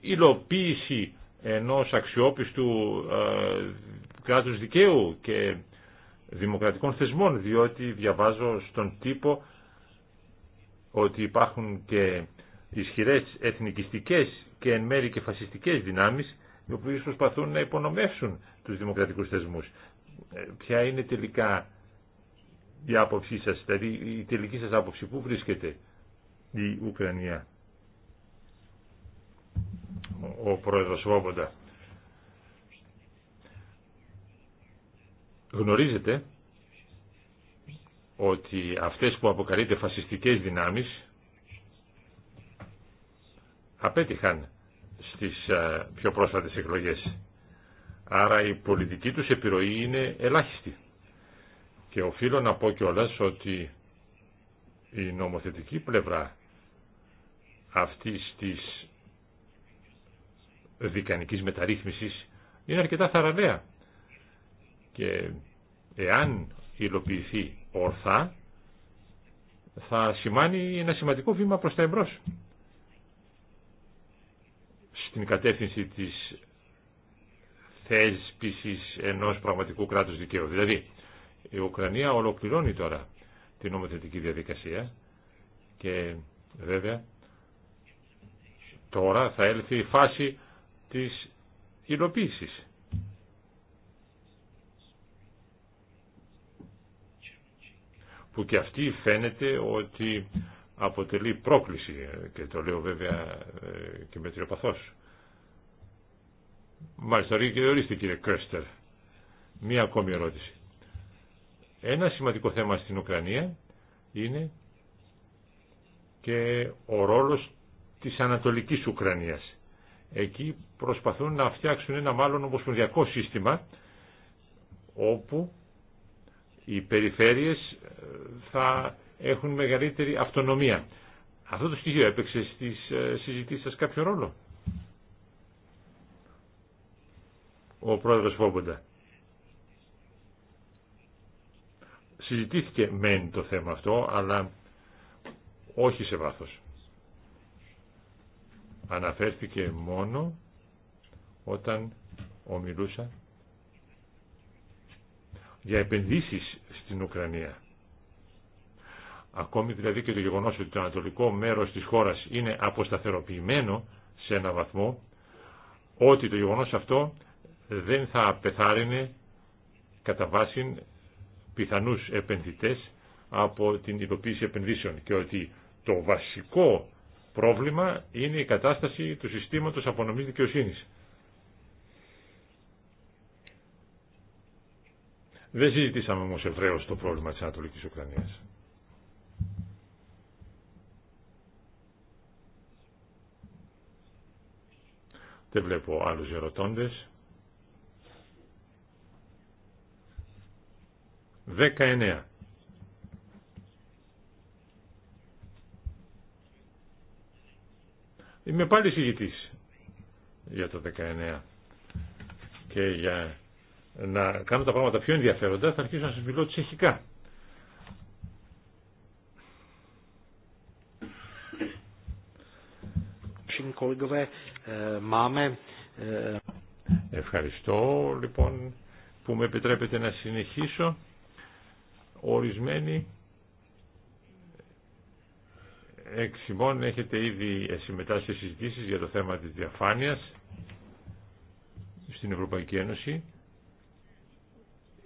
υλοποίηση ενός αξιόπιστου ε, κράτους δικαίου και δημοκρατικών θεσμών, διότι διαβάζω στον τύπο ότι υπάρχουν και ισχυρές εθνικιστικές και εν μέρη και φασιστικές δυνάμεις οι οποίες προσπαθούν να υπονομεύσουν τους δημοκρατικούς θεσμούς. Ε, ποια είναι τελικά η άποψή δηλαδή η τελική σας άποψη, πού βρίσκεται η Ουκρανία, ο πρόεδρος Βόμποντα. Γνωρίζετε ότι αυτές που αποκαλείται φασιστικές δυνάμεις απέτυχαν στις ε, πιο πρόσφατες εκλογές. Άρα η πολιτική τους επιρροή είναι ελάχιστη. Και οφείλω να πω κιόλα ότι η νομοθετική πλευρά αυτή της δικανική μεταρρύθμιση είναι αρκετά θαραλέα. Και εάν υλοποιηθεί ορθά, θα σημάνει ένα σημαντικό βήμα προς τα εμπρός. Στην κατεύθυνση της θέσπισης ενός πραγματικού κράτους δικαίου. Δηλαδή, η Ουκρανία ολοκληρώνει τώρα την νομοθετική διαδικασία και βέβαια τώρα θα έλθει η φάση της υλοποίησης. που και αυτή φαίνεται ότι αποτελεί πρόκληση και το λέω βέβαια ε, και με τριοπαθός. Μάλιστα, και ορίστε κύριε Κρέστερ. Μία ακόμη ερώτηση. Ένα σημαντικό θέμα στην Ουκρανία είναι και ο ρόλος της Ανατολικής Ουκρανίας. Εκεί προσπαθούν να φτιάξουν ένα μάλλον ομοσπονδιακό σύστημα όπου οι περιφέρειες ε, θα έχουν μεγαλύτερη αυτονομία. Αυτό το στοιχείο έπαιξε στις ε, συζητήσεις σας κάποιο ρόλο. Ο πρόεδρος Φόμποντα. συζητήθηκε μεν το θέμα αυτό, αλλά όχι σε βάθος. Αναφέρθηκε μόνο όταν ομιλούσα για επενδύσεις στην Ουκρανία. Ακόμη δηλαδή και το γεγονός ότι το ανατολικό μέρος της χώρας είναι αποσταθεροποιημένο σε ένα βαθμό, ότι το γεγονός αυτό δεν θα πεθάρινε κατά βάση πιθανούς επενδυτές από την υλοποίηση επενδύσεων και ότι το βασικό πρόβλημα είναι η κατάσταση του συστήματος απονομής δικαιοσύνης. Δεν συζητήσαμε όμως ευρέως το πρόβλημα της Ανατολικής Ουκρανίας. Δεν βλέπω άλλους ερωτώντες. 19. Είμαι πάλι συζητής για το 19 και για να κάνω τα πράγματα πιο ενδιαφέροντα θα αρχίσω να σας μιλώ τσεχικά. Ε, ε, Ευχαριστώ λοιπόν που με επιτρέπετε να συνεχίσω. Ορισμένοι εξημών έχετε ήδη συμμετάσχει σε συζητήσεις για το θέμα της διαφάνειας στην Ευρωπαϊκή Ένωση.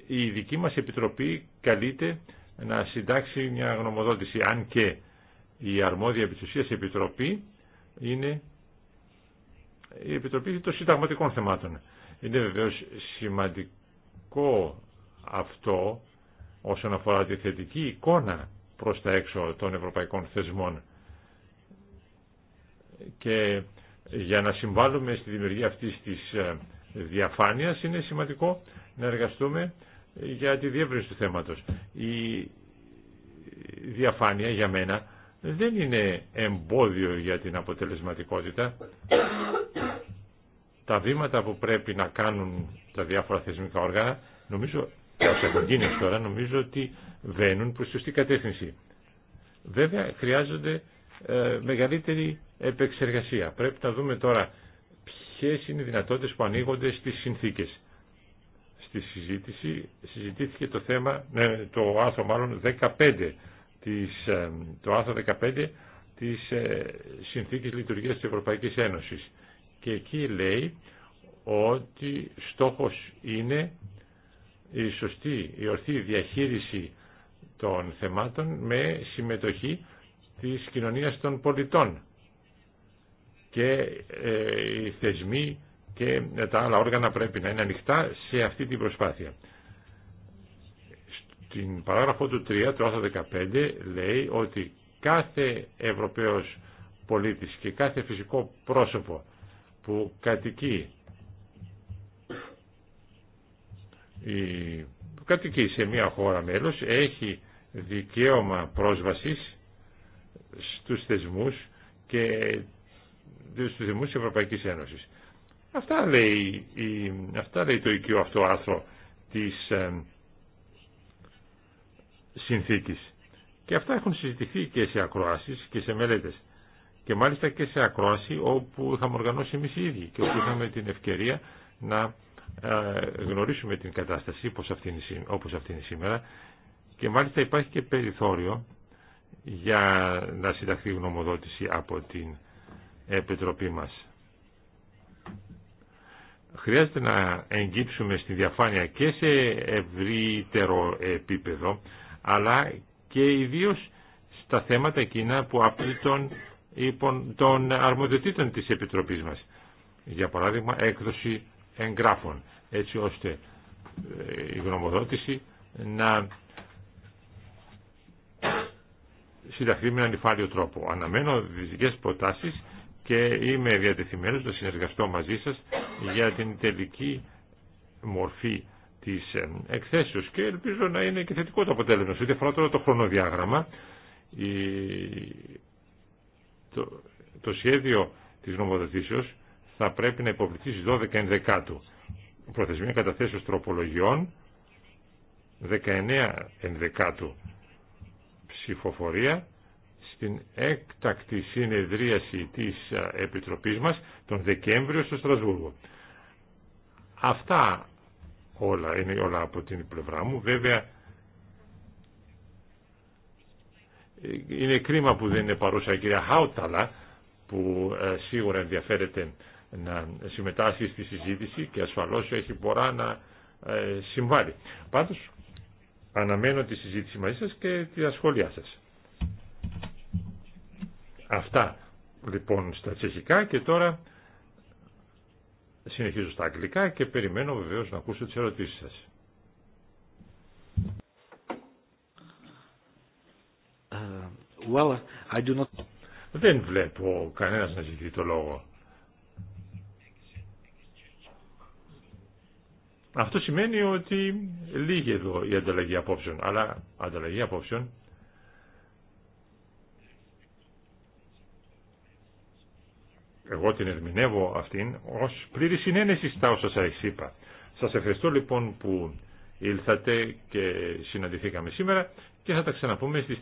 Η δική μας Επιτροπή καλείται να συντάξει μια γνωμοδότηση, αν και η αρμόδια επιτουσίας Επιτροπή είναι η Επιτροπή των Συνταγματικών Θεμάτων. Είναι βεβαίως σημαντικό αυτό όσον αφορά τη θετική εικόνα προς τα έξω των ευρωπαϊκών θεσμών και για να συμβάλλουμε στη δημιουργία αυτής της ε, διαφάνειας είναι σημαντικό να εργαστούμε για τη διεύρυνση του θέματος. Η διαφάνεια για μένα δεν είναι εμπόδιο για την αποτελεσματικότητα. Τα βήματα που πρέπει να κάνουν τα διάφορα θεσμικά όργανα νομίζω προσεκτικίνες τώρα νομίζω ότι βαίνουν προς σωστή κατεύθυνση. Βέβαια χρειάζονται ε, μεγαλύτερη επεξεργασία. Πρέπει να δούμε τώρα ποιες είναι οι δυνατότητες που ανοίγονται στις συνθήκες. Στη συζήτηση συζητήθηκε το θέμα, ναι, το άρθρο μάλλον 15, της, ε, το άρθρο 15 της ε, Συνθήκης Λειτουργίας της Ευρωπαϊκής Ένωσης. Και εκεί λέει ότι στόχος είναι η σωστή, η ορθή διαχείριση των θεμάτων με συμμετοχή της κοινωνίας των πολιτών και ε, οι θεσμοί και τα άλλα όργανα πρέπει να είναι ανοιχτά σε αυτή την προσπάθεια. Στην παράγραφο του 3, του άρθρο 15, λέει ότι κάθε Ευρωπαίος πολίτης και κάθε φυσικό πρόσωπο που κατοικεί η κατοικεί σε μια χώρα μέλος έχει δικαίωμα πρόσβασης στους θεσμούς και στους θεσμούς της Ευρωπαϊκής Ένωσης. Αυτά λέει, η, αυτά το οικείο αυτό άρθρο της ε, συνθήκης. Και αυτά έχουν συζητηθεί και σε ακροάσεις και σε μελέτες. Και μάλιστα και σε ακρόαση όπου είχαμε οργανώσει εμείς οι ίδιοι και όπου είχαμε την ευκαιρία να γνωρίσουμε την κατάσταση όπως αυτή είναι σήμερα και μάλιστα υπάρχει και περιθώριο για να συνταχθεί γνωμοδότηση από την Επιτροπή μας. Χρειάζεται να εγγύψουμε στη διαφάνεια και σε ευρύτερο επίπεδο αλλά και ιδίως στα θέματα εκείνα που απλήττουν των αρμοδιοτήτων της Επιτροπής μας. Για παράδειγμα, έκδοση εγγράφων έτσι ώστε ε, η γνωμοδότηση να συνταχθεί με έναν υφάλιο τρόπο. Αναμένω δυσικές προτάσεις και είμαι διατεθειμένος να συνεργαστώ μαζί σας για την τελική μορφή της ε, εκθέσεως και ελπίζω να είναι και θετικό το αποτέλεσμα. Σε αφορά τώρα το χρονοδιάγραμμα, το, το σχέδιο της νομοδοτήσεως θα πρέπει να υποβληθεί στις 12 ενδεκάτου. Προθεσμία καταθέσεως τροπολογιών 19 ενδεκάτου ψηφοφορία στην έκτακτη συνεδρίαση της Επιτροπής μας τον Δεκέμβριο στο Στρασβούργο. Αυτά όλα είναι όλα από την πλευρά μου. Βέβαια ε, είναι κρίμα που δεν είναι παρούσα η κυρία Χάουταλα που ε, σίγουρα ενδιαφέρεται να συμμετάσχει στη συζήτηση και ασφαλώς έχει μπορά να ε, συμβάλλει. Πάντως αναμένω τη συζήτηση μαζί σας και τη σχόλιά σας. Αυτά λοιπόν στα τσεχικά και τώρα συνεχίζω στα αγγλικά και περιμένω βεβαίως να ακούσω τις ερωτήσεις σας. Ε, well, I do not... Δεν βλέπω κανένας να ζητεί το λόγο. Αυτό σημαίνει ότι λίγη εδώ η ανταλλαγή απόψεων, αλλά ανταλλαγή απόψεων εγώ την ερμηνεύω αυτήν ως πλήρη συνένεση στα όσα σας είπα. Σας ευχαριστώ λοιπόν που ήλθατε και συναντηθήκαμε σήμερα και θα τα ξαναπούμε στις